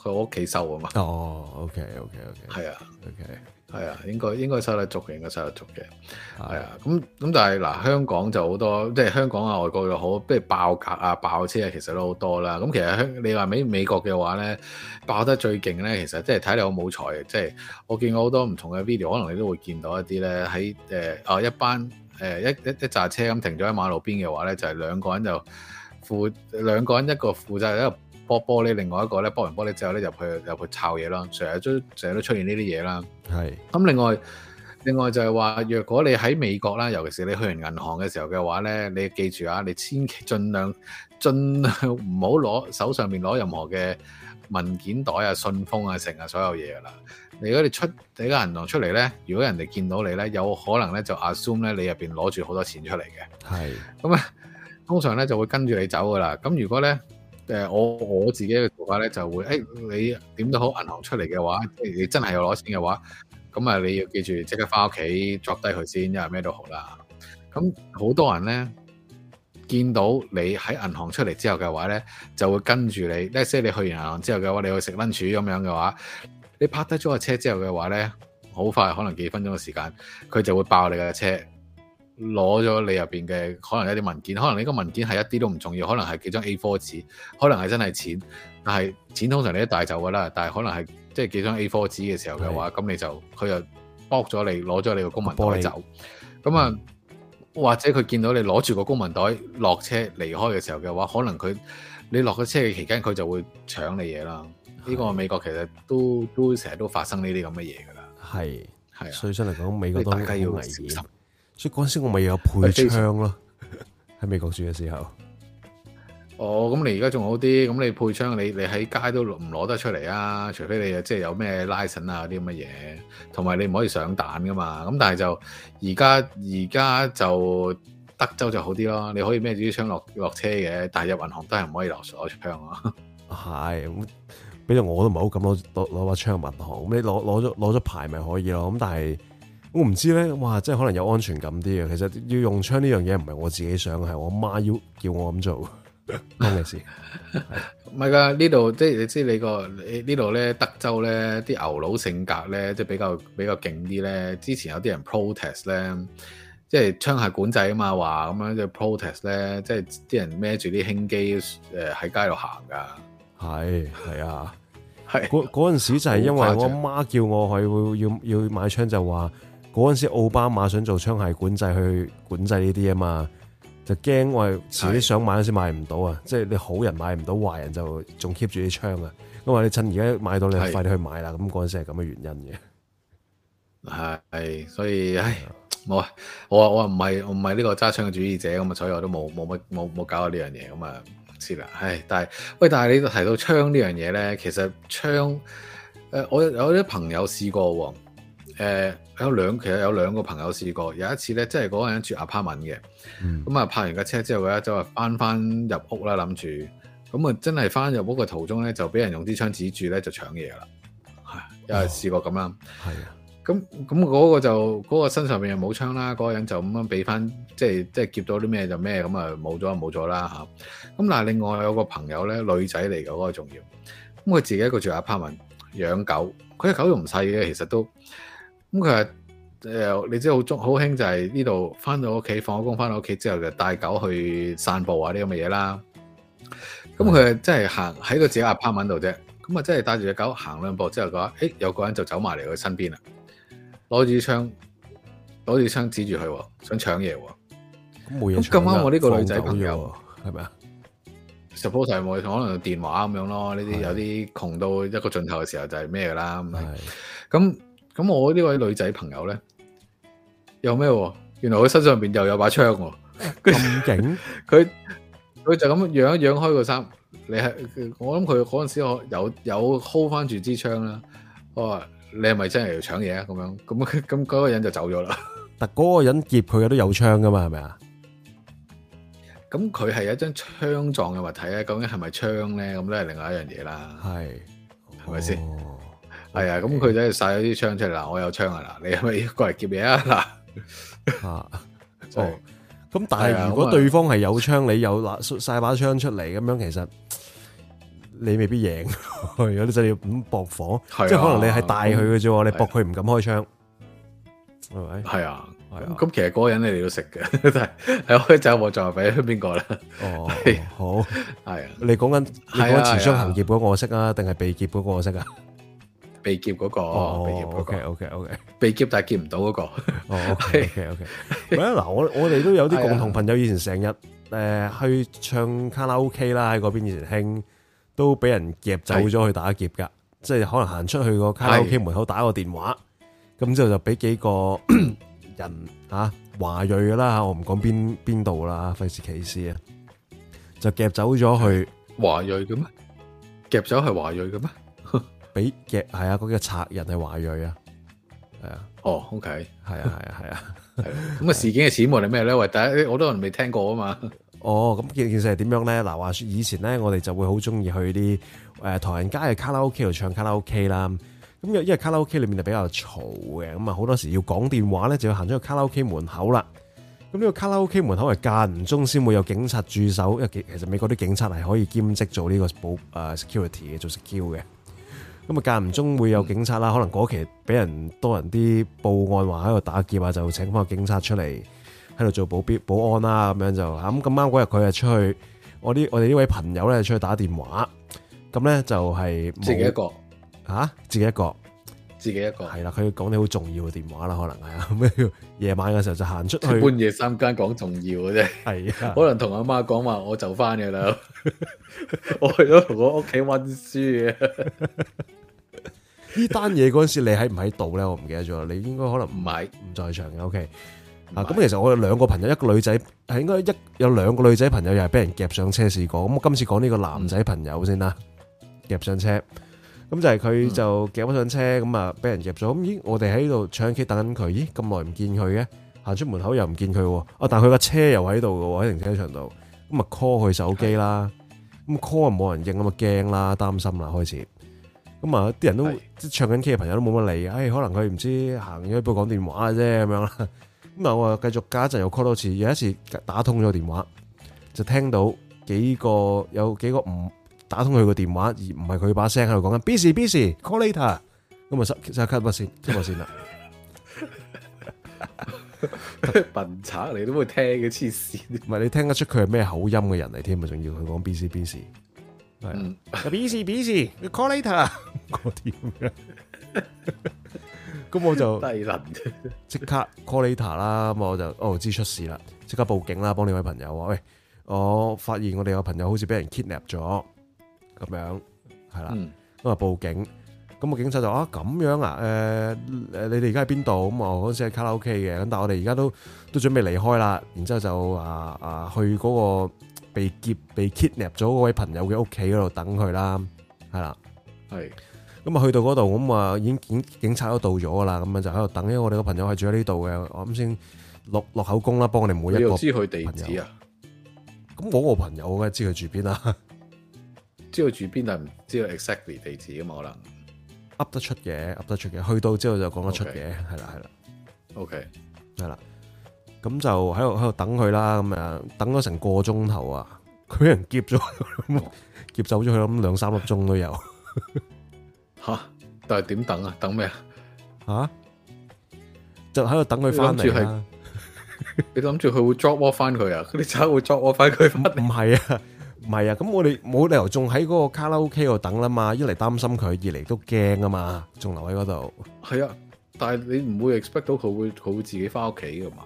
B: [laughs] 我屋企收啊嘛。哦，OK OK OK，係啊，OK。係啊，應該應該收得足嘅，收得足嘅。係啊，咁咁但係嗱，香港就好多，即係香港啊外國又、啊、好，即係爆格啊爆車啊，其實都好多啦、啊。咁其實香你話美美國嘅話咧，爆得最勁咧，其實即係睇你好冇才。即、就、係、是、我見過好多唔同嘅 video，可能你都會見到一啲咧喺誒啊一班誒、呃、一一一紮車咁停咗喺馬路邊嘅話咧，就係、是、兩個人就負兩個人一個負責咧。破玻璃，另外一個咧，破完玻璃之後咧，入去入去抄嘢啦，成日都成日都出現呢啲嘢啦。係咁、嗯，另外另外就係話，若果你喺美國啦，尤其是你去完銀行嘅時候嘅話咧，你記住啊，你千祈盡量盡量唔好攞手上面攞任何嘅文件袋啊、信封啊、成啊所有嘢噶啦。如果你出你間銀行出嚟咧，如果人哋見到你咧，有可能咧就 assume 咧你入邊攞住好多錢出嚟嘅。係咁啊，通常咧就會跟住你走噶啦。咁、嗯、如果咧？誒、呃、我我自己嘅做法咧，就會誒、哎、你點都好，銀行出嚟嘅話，你真係有攞錢嘅話，咁啊你要記住即刻翻屋企作低佢先，因為咩都好啦。咁好多人咧見到你喺銀行出嚟之後嘅話咧，就會跟住你，即係你去完銀行之後嘅話，你去食 lunch 咁樣嘅話，你拍低泊低咗個車之後嘅話咧，好快可能幾分鐘嘅時間，佢就會爆你嘅車。攞咗你入邊嘅可能一啲文件，可能你個文件係一啲都唔重要，可能係幾張 A4 紙，可能係真係錢，但係錢通常你都帶走噶啦，但係可能係即係幾張 A4 紙嘅時候嘅話，咁你就佢又剝咗你攞咗你個公文袋走，咁啊、嗯、或者佢見到你攞住個公文袋落車離開嘅時候嘅話，可能佢你落咗車嘅期間佢就會搶你嘢啦。呢、這個美國其實都都成日都發生呢啲咁嘅嘢噶啦。
A: 係係，所以上嚟講美國大家要危險。所以嗰陣時我咪有配槍咯，喺美國住嘅時候。
B: 哦，咁你而家仲好啲，咁你配槍，你你喺街都唔攞得出嚟啊！除非你、就是、啊，即係有咩拉 i c e 啊啲咁嘅嘢，同埋你唔可以上彈噶嘛。咁但係就而家而家就德州就好啲咯，你可以孭住支槍落落車嘅，但係入銀行都係唔可以攞槍啊。
A: 係，比如我都唔係好敢攞攞攞把槍入銀行。咁你攞攞咗攞咗牌咪可以咯。咁但係。我唔知咧，哇！即係可能有安全感啲啊。其實要用槍呢樣嘢唔係我自己想，係我媽要叫我咁做。冇 [laughs] 事當時，
B: 唔係噶。呢度即係你知你個，呢度咧德州咧啲牛佬性格咧，即係比較比較勁啲咧。之前有啲人 protest 咧，即係槍械管制啊嘛，話咁樣就是、protest 咧，即係啲人孭住啲輕機誒喺街度行噶。
A: 係係啊，係嗰嗰陣時就係因為我媽叫我去要要買槍，就話。嗰陣時奧巴馬想做槍械管制去管制呢啲啊嘛，就驚我係遲啲想買嗰時買唔到啊！即係你好人買唔到，壞人就仲 keep 住啲槍啊！咁啊，你趁而家買到你快啲去買啦！咁嗰陣時係咁嘅原因
B: 嘅。係，所以唉，我我我唔係唔係呢個揸槍嘅主義者咁啊，所以我都冇冇乜冇冇搞過呢樣嘢，咁啊，唔知啦。唉，但係喂，但係你提到槍呢樣嘢咧，其實槍誒、呃，我有啲朋友試過。誒、呃、有兩其實有兩個朋友試過，有一次咧，即係嗰個人住 Apartment 嘅，咁啊泊完架車之後咧，就話翻翻入屋啦，諗住咁啊，真係翻入屋嘅途中咧，就俾人用支槍指住咧，就搶嘢啦，係，又係試過咁啦，係，咁咁嗰個就嗰、那個身上面又冇槍啦，嗰、那個人就咁樣俾翻，即係即係劫到啲咩就咩，咁啊冇咗就冇咗啦嚇。咁嗱，另外有個朋友咧，那個、女仔嚟嘅嗰個仲要，咁、那、佢、個、自己一個住 Apartment，養狗，佢隻狗又唔細嘅，其實都。咁佢誒，你知好中好興就係呢度翻到屋企，放咗工翻到屋企之後就帶狗去散步啊，啲咁嘅嘢啦。咁佢係真係行喺個自己阿 p a r t 度啫。咁啊，真係帶住隻狗行兩步之後，佢話誒，有個人就走埋嚟佢身邊啦，攞住槍，攞住槍指住佢，想搶嘢啊。
A: 咁冇嘢。咁啱我呢個女仔朋友係
B: 咪啊？support 上可能電話咁樣咯。呢啲有啲窮到一個盡頭嘅時候就係咩啦咁。咁我呢位女仔朋友咧，又咩？原來佢身上邊又有把槍，咁勁！佢佢就咁樣仰一仰開個衫，你係我諗佢嗰陣時有有 hold 翻住支槍啦。我話你係咪真係要搶嘢啊？咁樣咁咁嗰個人就走咗啦。
A: 但嗰個人劫佢嘅都有槍噶嘛？係咪啊？
B: 咁佢係一張槍狀嘅物體咧，究竟係咪槍咧？咁都係另外一樣嘢啦。係係咪先？係、okay. 啊，咁佢就晒咗啲槍出嚟啦，我有槍啊嗱，你係咪要過嚟劫嘢啊嗱、啊？哦，咁、 [laughs] 就是、但係如果對
A: 方係有槍， [laughs] 你有拿晒把槍出嚟，咁樣其實你未必贏，有 [laughs] 啲真係要咁搏火，啊、即係可能你係帶佢嘅啫，你搏佢唔敢開槍。
B: 係咪？係啊，係啊，咁、啊嗯、其實嗰個人你哋都識嘅，係開就話就話俾邊個啦哦，
A: 好，係、 [laughs] 啊，你講緊係持槍行劫嗰個我識啊，定係被劫嗰個我識啊？
B: 被劫嗰個，被劫，OK OK OK，被劫，但係劫唔
A: 到嗰個。OK OK，嗱，我我哋都有啲共同朋友，以前成日誒去唱卡拉 OK 啦，喺嗰邊以前興，都俾人夾走咗去打劫噶，即係可能行出去個卡拉 OK 門口打個電話，咁之後就俾幾個人吓華裔噶啦吓，我唔講邊邊度啦，費事歧視啊，就夾走咗去華裔嘅咩？夾走
B: 係華裔嘅咩？
A: 俾嘅係啊，嗰個賊人係華裔啊，係、
B: oh, okay. 啊，哦，OK，
A: 係啊，係啊，係 [laughs] 啊，
B: 係咁啊。事件嘅始末係咩咧？喂，大家好多人未聽過啊嘛。
A: 哦，咁件件事係點樣咧？嗱，話說以前咧，我哋就會好中意去啲誒唐人街嘅卡拉 OK 度唱卡拉 OK 啦。咁因因為卡拉 OK 裏面就比較嘈嘅，咁啊好多時要講電話咧，就要行咗去卡拉 OK 門口啦。咁呢個卡拉 OK 門口係間唔中先會有警察駐守，因為其實美國啲警察係可以兼職做呢個誒 security 嘅，做 secure 嘅。咁啊，間唔中會有警察啦，可能嗰期俾人多人啲報案，話喺度打劫啊，就請翻個警察出嚟喺度做保鏢保安啦，咁樣就咁。咁啱嗰日佢啊出去，我啲我哋呢位朋友咧出去打電話，咁咧就係自己一個嚇、啊，自己一個，自己一個，係啦。佢講啲好重要嘅電話啦，可能係啊。咁夜晚嘅時候就行出去半夜
B: 三更講重要嘅啫，係啊。 [laughs] 可能同阿媽講話，我就翻嘅啦。我去咗同我屋企溫書嘅
A: 呢單嘢嗰陣時，你喺唔喺度咧？我唔記得咗，你應該可能唔係，唔在場嘅。O K，啊，咁其實我有兩個朋友，一個女仔係應該一有兩個女仔朋友又係俾人夾上車試過。咁我今次講呢個男仔朋友先啦，夾上車，咁就係佢就夾上車，咁啊俾人夾咗。咁咦，我哋喺度唱 K 等緊佢，咦，咁耐唔見佢嘅，行出門口又唔見佢。哦，但係佢架車又喺度嘅喎，喺停車場度。咁啊 call 佢手機啦，咁 call 又冇人應，咁啊驚啦，擔心啦開始。咁啊啲人都即係唱緊 K 嘅朋友都冇乜理，唉、哎，可能佢唔知行咗去邊度講電話嘅啫咁樣啦。咁啊我繼續加一陣又 call 多次，有一次打通咗電話，就聽到幾個有幾個唔打通佢個電話，而唔係佢把聲喺度講緊。busy busy call later，咁啊即刻 cut 線，聽唔聽得？
B: 笨賊，你都會聽嘅，黐線！
A: 唔係你聽得出佢係咩口音嘅人嚟添，嗯？咪仲要佢講 B C B C，係 B C B C，Callator，我點，咁我就即刻 Callator 啦。咁我就哦，知出事啦，即刻報警啦，幫你位朋友啊。喂，我發現我哋個朋友好似俾人 kidnap 咗，咁樣係啦，咁啊報警。咁個警察就啊咁樣啊，誒、呃、誒，你哋而家喺邊度？咁、嗯、我嗰陣時喺卡拉 OK 嘅，咁但係我哋而家都都準備離開啦。然之後就啊啊，去嗰個被劫被 kidnap 咗嗰位朋友嘅屋企嗰度等佢啦，係啦，係。咁、嗯、啊，去到嗰度咁啊，已經警警察都到咗噶啦，咁、嗯、啊就喺度等，因為我哋個朋友係住喺呢度嘅，我諗先落落口供啦，幫我哋每一個知佢地址啊。咁嗰個朋友我梗係知佢住邊啦，
B: [laughs] 知佢住邊但係唔知道 exactly 地址噶可能。
A: 噏得出嘅，噏得出嘅，去到之後就講得出嘅，係啦，係啦，OK，係啦，咁就喺度喺度等佢啦，咁啊等咗成個鐘頭啊，佢俾人劫咗，劫走咗佢咁兩三粒鐘都有，
B: 吓？但係點等啊？等咩啊？
A: 吓？就喺度等佢翻嚟啊？你諗住佢會 drop off 翻佢啊？你諗住佢會 drop off 翻佢？乜唔係啊？唔係啊，咁我哋冇理由仲喺嗰個卡拉 OK 度等啦嘛，一嚟擔心佢，二嚟都驚啊嘛，仲留喺嗰度。係
B: 啊，但係你唔會 expect 到佢會佢會自己翻屋企噶嘛？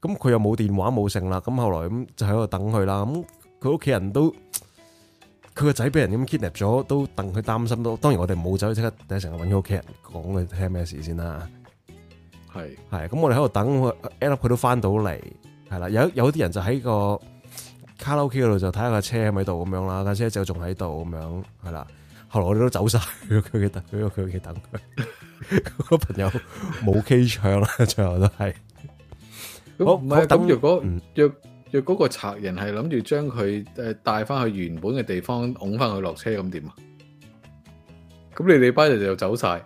A: 咁佢又冇電話冇剩啦，咁後來咁就喺度等佢啦。咁佢屋企人都佢個仔俾人咁 kidnap 咗，都戥佢擔心都。當然我哋冇走，即刻第一成日搵佢屋企人講你聽咩事先啦。係係，咁我哋喺度等 expect 佢都翻到嚟，係啦、啊。有有啲人就喺個。卡拉 OK 嗰度就睇下架車喺喺度咁樣啦，架車就仲喺度咁樣係啦。後來我哋都走晒，佢喺度，佢喺屋企等佢。個朋友冇機搶啦，最後都係。
B: 唔係，咁若果若若嗰個賊人係諗住將佢誒帶翻去原本嘅地方，拱翻佢落車咁點啊？咁你哋班人就走晒。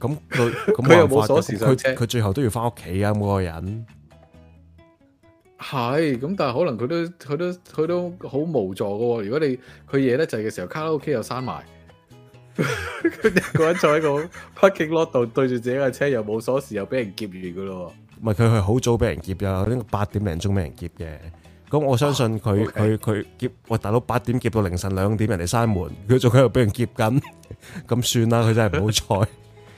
A: 咁佢佢冇鎖匙上車，佢最後都要翻屋企啊！每個人。
B: 係咁，但係可能佢都佢都佢都好無助噶。如果你佢夜得滯嘅時候，卡拉 OK 又閂埋，佢一個人坐喺個 parking lot 度，對住自己架車，又冇鎖匙，又俾人劫完噶咯。
A: 唔係佢係好早俾人劫呀，應該八點零鐘俾人劫嘅。咁我相信佢佢佢劫喂，大佬八點劫到凌晨兩點，人哋閂門，佢仲喺度俾人劫緊，咁算啦，佢真係唔好彩。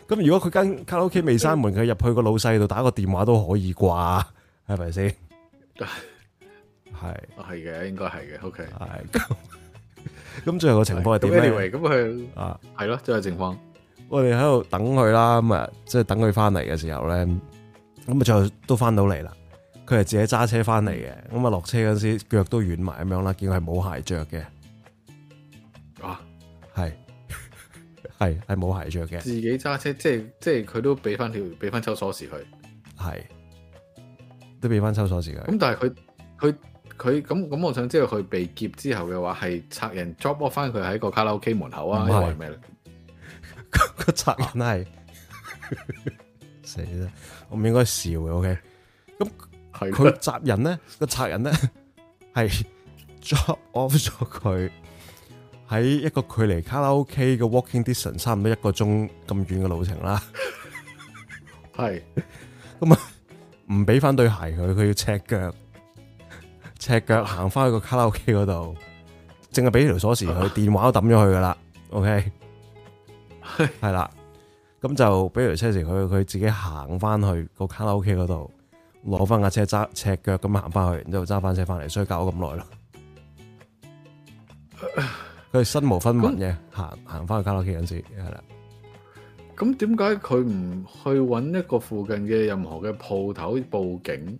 A: 咁如果佢間卡拉 OK 未閂門，佢入去個老細度打個電話都可以啩，係咪先？
B: 係係嘅，應該係嘅。O K，咁
A: 咁最後個情況係點咧？咁佢啊，
B: 係咯，最後個情況，
A: 我哋喺度等佢啦。咁啊，即係等佢翻嚟嘅時候咧，咁啊，最後都翻到嚟啦。佢係自己揸車翻嚟嘅。咁啊，落車嗰時腳都軟埋咁樣啦，見佢係冇鞋着嘅。啊，係係係冇鞋着嘅，自
B: 己揸車，即係即係佢都俾翻條俾翻抽鎖匙佢，
A: 係。都畀翻抽鎖匙嘅，咁
B: 但係佢佢佢咁咁，我想知道佢被劫之後嘅話，係賊人 drop off 翻佢喺個卡拉 OK 門口啊，因咩咧？
A: 個賊 [laughs] 人係死啦，我唔應該笑嘅。O K，咁佢賊人咧，個賊人咧係 drop off 咗佢喺一個距離卡拉 OK 嘅 walking distance 差唔多一個鐘咁遠嘅路程啦，係咁啊。 [laughs] 唔俾翻對鞋佢，佢要赤腳，赤腳行翻去個卡拉 OK 嗰度，淨係俾條鎖匙佢，電話都抌咗佢噶啦，OK，係啦，咁就俾條鎖匙佢，佢自己行翻去個卡拉 OK 嗰度，攞翻架車揸，赤腳咁行翻去，然之後揸翻車翻嚟，所以搞咗咁耐咯，佢身無分文嘅，行行翻去卡拉 OK 嗰陣時，係啦。 [laughs] [laughs]
B: 咁點解佢唔去揾一個附近嘅任何嘅鋪頭報警？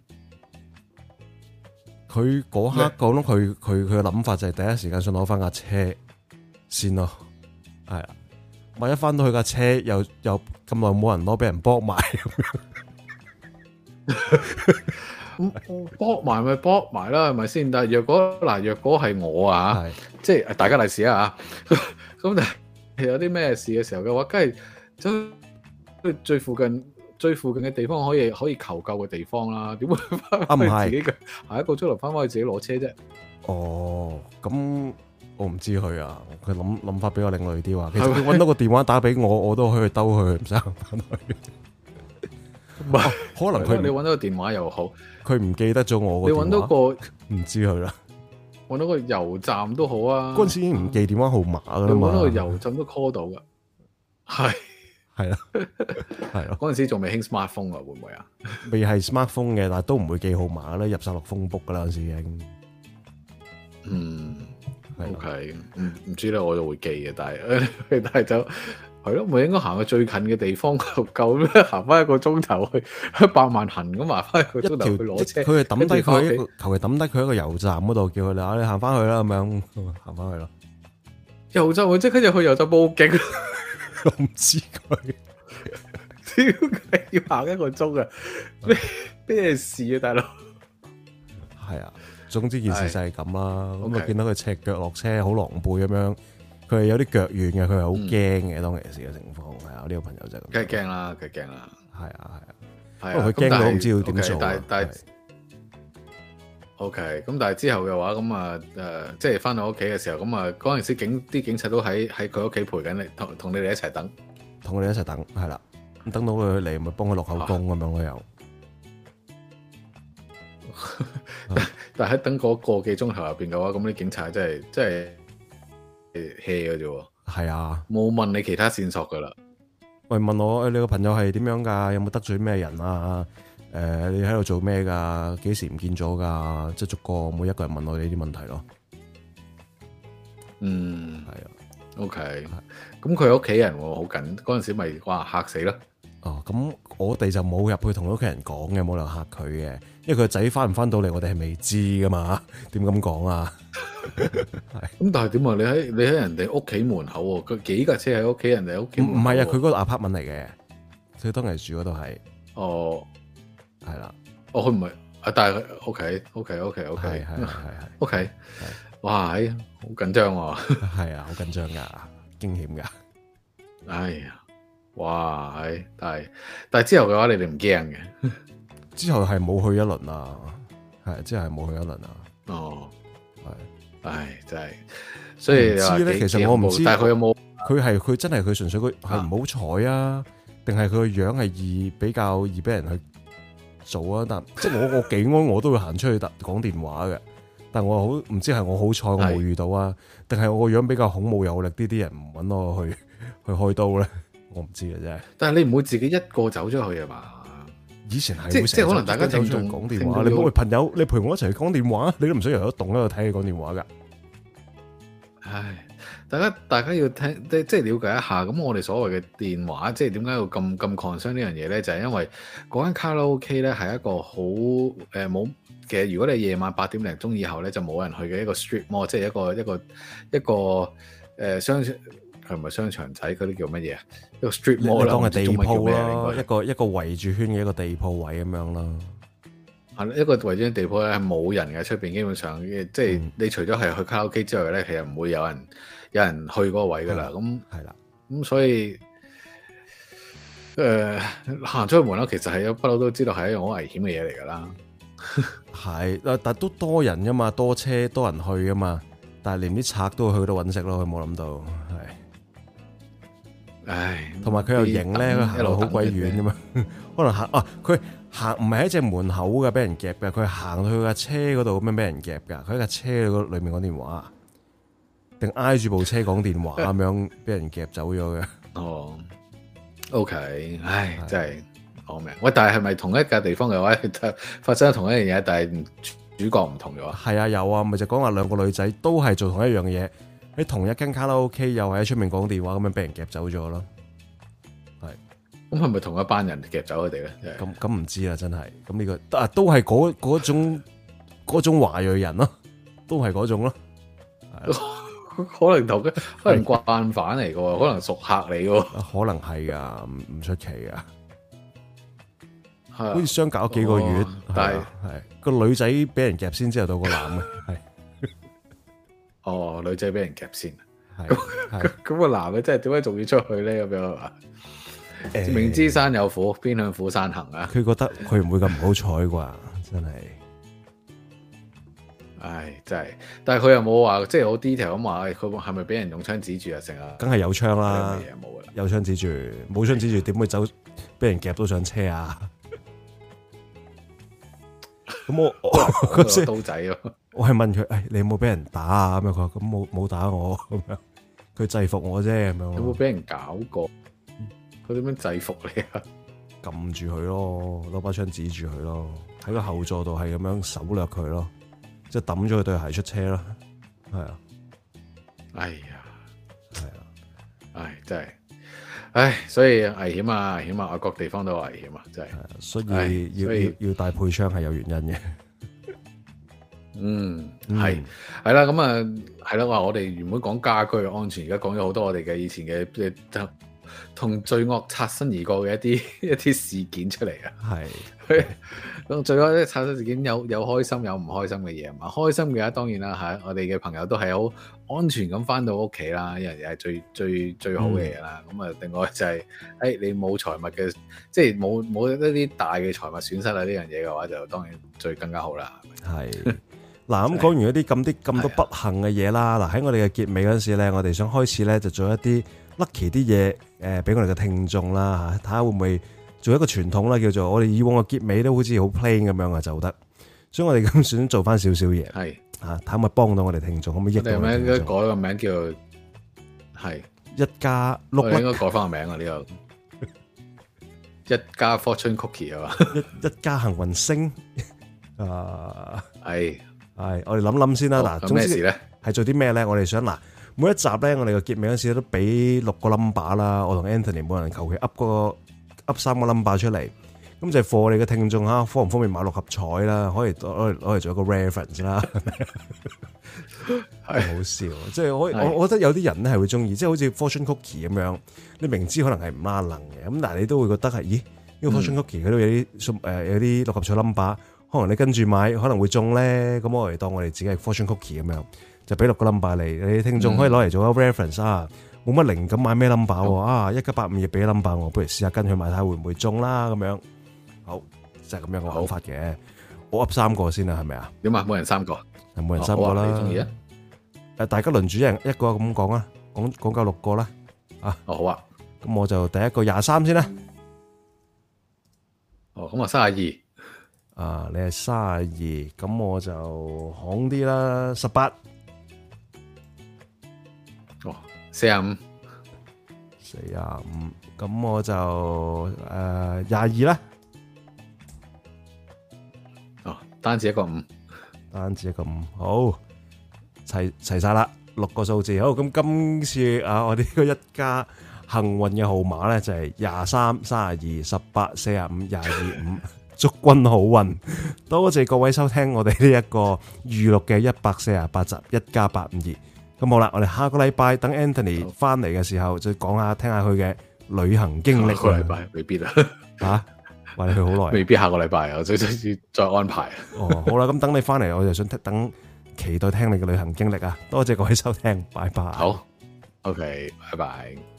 A: 佢嗰刻嗰，咁佢佢佢嘅諗法就係第一時間想攞翻架車先咯，係啊！萬一翻到佢架車又又咁耐冇人攞，俾人剝埋咁剝埋
B: 咪剝埋啦，係咪先？但係若果嗱，若果係我啊，即係大家嚟試下啊吓，咁但係有啲咩事嘅時候嘅話，梗係。真最附近最附近嘅地方可以可以求救嘅地方啦、啊，點會翻去自己嘅、啊？下一個出嚟翻翻去自己攞車啫。
A: 哦，咁、嗯、我唔知佢啊，佢諗諗法比較另類啲啊。其實佢搵到個電話打俾我，我都可以去兜佢，唔使行返去。唔係、啊、可能佢你搵
B: 到個電話又好，
A: 佢唔記得咗我。你搵到個唔 [laughs] 知佢啦，
B: 搵到個油站都好啊。嗰
A: 陣時已經唔記電話號碼噶啦嘛，你搵到個油
B: 站都 call 到噶，係。係啦，係咯，嗰陣時仲未興 smartphone 啊，會唔會啊？
A: 未係 smartphone 嘅，但係都唔會記號碼咧，入晒落 phone book 噶啦，嗰時已經。
B: 嗯，OK，唔知咧，我就會記嘅，但係但係就係咯，唔係應該行去最近嘅地方夠咩？行翻一個鐘頭去一百萬行咁行翻一個鐘頭去攞車，佢係抌低佢，
A: 求其抌低佢一個油站嗰度叫佢啦，你行翻去啦咁樣，行翻去咯。油站我即刻就是、去油站報警。 [laughs] 我唔
B: 知佢，屌！佢要行一個鐘啊？咩 [laughs] 咩事啊，大佬？
A: 係啊，總之件事就係咁啦。咁我見到佢赤腳落車，好、okay. 狼狽咁樣。佢係有啲腳軟嘅，佢係好驚嘅。當其時嘅情況係啊，我呢個朋友就係咁
B: 梗係驚啦，佢驚啦。係啊，係啊，啊不過佢驚到唔知要點做。Okay, O K，咁但係之後嘅話，咁啊，誒，即係翻到屋企嘅時候，咁啊，嗰陣時警啲警察都喺喺佢屋企陪緊你，同同你哋一齊等，
A: 同你一齊等，係啦，等到佢嚟，咪幫佢落口供咁、啊、樣我又。 [laughs] [laughs]
B: 但係喺等嗰個幾鐘頭入邊嘅話，咁啲警察真係真係 hea 嘅啫。係啊，冇問你其他線索噶啦。
A: 喂，問我誒、哎，你個朋友係點樣噶？有冇得罪咩人啊？誒、呃，你喺度做咩噶？幾時唔見咗噶？即係逐個每一個人問我呢啲問題咯。
B: 嗯，係啊。OK，咁佢屋企人好緊，嗰陣時咪哇吓死咯。
A: 哦，咁我哋就冇入去同屋企人講嘅，冇理由吓佢嘅，因為佢個仔翻唔翻到嚟，我哋係未知噶嘛。點咁講啊？
B: 咁 [laughs] [laughs] [laughs] 但係點啊？你喺你喺人哋屋企門口，佢幾架車喺屋企人哋屋企。唔唔係啊，佢個阿 partment 嚟嘅，佢當然住嗰度係。哦。係啦，哦，佢唔係，但係佢 OK，OK，OK，OK，係係係 OK 哇，好緊張，係啊，好緊
A: 張噶，驚險噶，
B: 哎呀，哇，但係但係之後嘅話你不，你哋唔驚嘅，
A: 之後係冇去一輪啊，係之後係冇去一輪啊，
B: 哦，係，唉，真係，所以咧，其實我唔知道，但係佢有
A: 冇，佢係佢真係佢純粹佢係唔好彩啊，定係佢個樣係易比較易俾人去。做啊，但即係我我幾安我都會行出去搭講電話嘅， [laughs] 但係我好唔知係我好彩我冇遇到啊，定係我個樣比較恐怖有力啲啲人唔揾我去去開刀咧，我唔知嘅啫。但係你唔會自己一個走出去啊嘛？以前係即即係可能大家走出去講電話，你喂，朋友你陪我一齊去講電話，你都唔想由得動喺度睇你講電話噶。唉。
B: 大家，大家要聽，即即係瞭解一下咁，我哋所謂嘅電話，即係點解要咁咁 concern 呢樣嘢呢？就係、是、因為嗰間卡拉 OK 呢，係一個好誒冇其實，如果你夜晚八點零鐘以後呢，就冇人去嘅一個 street mall，即係一個一個一個誒、呃、商，係咪商場仔嗰啲叫乜嘢？一個 street mall 咯，當係地鋪一個一個圍住圈嘅一個地鋪位咁樣咯，係一個圍住地鋪呢，係冇人嘅出邊，基本上即係你除咗係去卡拉 OK 之外呢，其實唔會有人。有人去嗰個位噶啦，咁係啦，咁所以誒行、呃、出去門啦，其實係不嬲都知道係一樣好危險嘅嘢嚟噶啦，
A: 係、嗯，但都多人噶嘛，多車多人去噶嘛，但係連啲賊都會去到揾食咯，佢冇諗到，係，唉，同埋佢又影咧，佢行路好鬼遠噶嘛，可能行啊，佢行唔係喺只門口噶，俾人夾噶，佢行去架車嗰度，咁樣俾人夾噶，佢喺架車嗰裏面講電話。定挨住部車講電話咁樣，俾人夾走咗嘅。 [laughs] 哦
B: ，OK，唉，真係我明。喂，但係係咪同一個地方嘅話， [laughs] 發生同一樣嘢，但係主
A: 角唔同咗？係啊，有啊，咪就講、是、話兩個女仔都係做同一樣嘢，喺同一間卡拉 OK 又喺出面講電話，咁樣俾人夾走咗咯。係，咁係咪同一班人夾走佢哋咧？咁咁唔知啦，真係。咁呢、啊這個、啊、都係嗰嗰種種，種華裔人咯、啊，都係嗰種咯、啊。 [laughs] 可能同佢可能慣犯嚟噶，可能熟客嚟噶，可能係噶，唔出奇啊！係好似相隔幾個月，哦、係但係個女仔俾人夾先，之後到個男嘅係。 [laughs]
B: 哦，女仔俾人夾先，咁咁、 [laughs] 個男嘅真係點解仲要出去咧？咁樣明知山有虎，偏向虎山行啊！
A: 佢覺得佢唔會咁唔好彩啩，真係。
B: 唉，真係，但係佢又冇話，即係好 detail 咁話，佢係咪俾人用槍指住啊？成啊，
A: 梗係有槍啦，他有槍指住，冇槍指住，點會走？俾人夾到上車啊？咁 [laughs] 那我我識到仔咯，我係問佢，誒、哎，你有冇俾人打啊？咁樣佢話咁冇冇打我，咁 [laughs] 佢制服我啫。咁樣有冇
B: 俾人搞過？佢、嗯、點樣制服你啊？
A: 撳住佢咯，攞把槍指住佢咯，喺個後座度係咁樣搜掠佢咯。即係抌咗佢對鞋出車啦，係啊，哎呀，
B: 係啊，唉、哎，真係，唉、哎，所以危險啊，危險啊，各地方都危險啊，真係、啊，所以、哎、所以要
A: 要帶配槍係有原因嘅，嗯，
B: 係係啦，咁、嗯、啊係啦，話、啊、我哋原本講家居嘅安全，而家講咗好多我哋嘅以前嘅，即係同罪惡擦身而過嘅一啲一啲事件出嚟啊，係。 [laughs] 咁最後咧，睇到自己有有開心有唔開心嘅嘢啊嘛！開心嘅咧，當然啦吓，我哋嘅朋友都係好安全咁翻到屋企啦，呢樣嘢係最最最好嘅嘢啦。咁啊，另外就係、是、誒、哎，你冇財物嘅，即係冇冇一啲大嘅財物損失啊呢樣嘢嘅話，就當然最更加好 [laughs] 啦。
A: 係嗱，咁講完一啲咁啲咁多不幸嘅嘢啦，嗱喺、啊、我哋嘅結尾嗰陣時咧，我哋想開始咧就做一啲 lucky 啲嘢，誒，俾我哋嘅聽眾啦吓，睇下會唔會？做一個傳統啦，叫做我哋以往嘅結尾都好似好 plain 咁樣啊，就得，所以我哋咁算做翻少少嘢，係啊，睇可唔可以幫到我哋聽眾，可唔可以益到聽
B: 眾？改個名叫
A: 係一家碌，我應該
B: 改翻個名啊！呢個一家 fortune cookie 係嘛？
A: 一一家幸運星啊！係係，我哋諗諗先啦。嗱，總之咧係做啲咩咧？我哋想嗱，每一集咧，我哋嘅結尾嗰時都俾六個 number 啦。我同 Anthony 冇人求其噏嗰個。Up 三個 number 出嚟，咁就係課你嘅聽眾嚇，方唔方便買六合彩啦？可以攞嚟攞嚟做一個 reference 啦， [laughs] [laughs] 好笑！即係我我覺得有啲人咧係會中意，即係好似 fortune cookie 咁樣，你明知可能係唔啱能嘅，咁但係你都會覺得係，咦呢個 fortune cookie 佢都有啲誒有啲六合彩 number，可能你跟住買可能會中咧，咁我嚟當我哋自己係 fortune cookie 咁樣，就俾六個 number 嚟，你啲聽眾可以攞嚟做一個 reference、嗯、啊！冇乜靈感買咩 number 啊！一九八五唔要俾 number，不如試下跟佢買睇會唔會中啦咁樣。好就係咁樣個諗法嘅。我噏三個先啦，係咪啊？點啊？每人三個，係每人三個啦。你中意啊？誒，大家輪主人一個咁講啊，講講夠六個啦。啊哦好啊，咁我就第一個廿三先啦。哦，咁啊三十二。啊，你係三十二，咁我就行啲啦，十八。四十五，四十五，咁我就誒廿二啦。
B: 哦，單字一個五，
A: 單字一個五，好，齊齊晒啦，六個數字，好，咁今次啊，我哋呢個一家幸運嘅號碼咧就係廿三、三十二、十八、四十五、廿二五，祝君好運，多謝各位收聽我哋呢一個預錄嘅一百四十八集一家八五二。咁好啦，我哋下個禮拜等 Anthony 翻嚟嘅時候，再講下聽下佢嘅旅行經歷。個禮拜未必啊，吓話你去好耐，未必
B: 下個禮拜又再再再安排。哦，
A: 好啦，咁等你翻嚟，我就想等期待聽你嘅旅行經歷啊！多謝各位收聽，拜拜。好
B: ，OK，拜拜。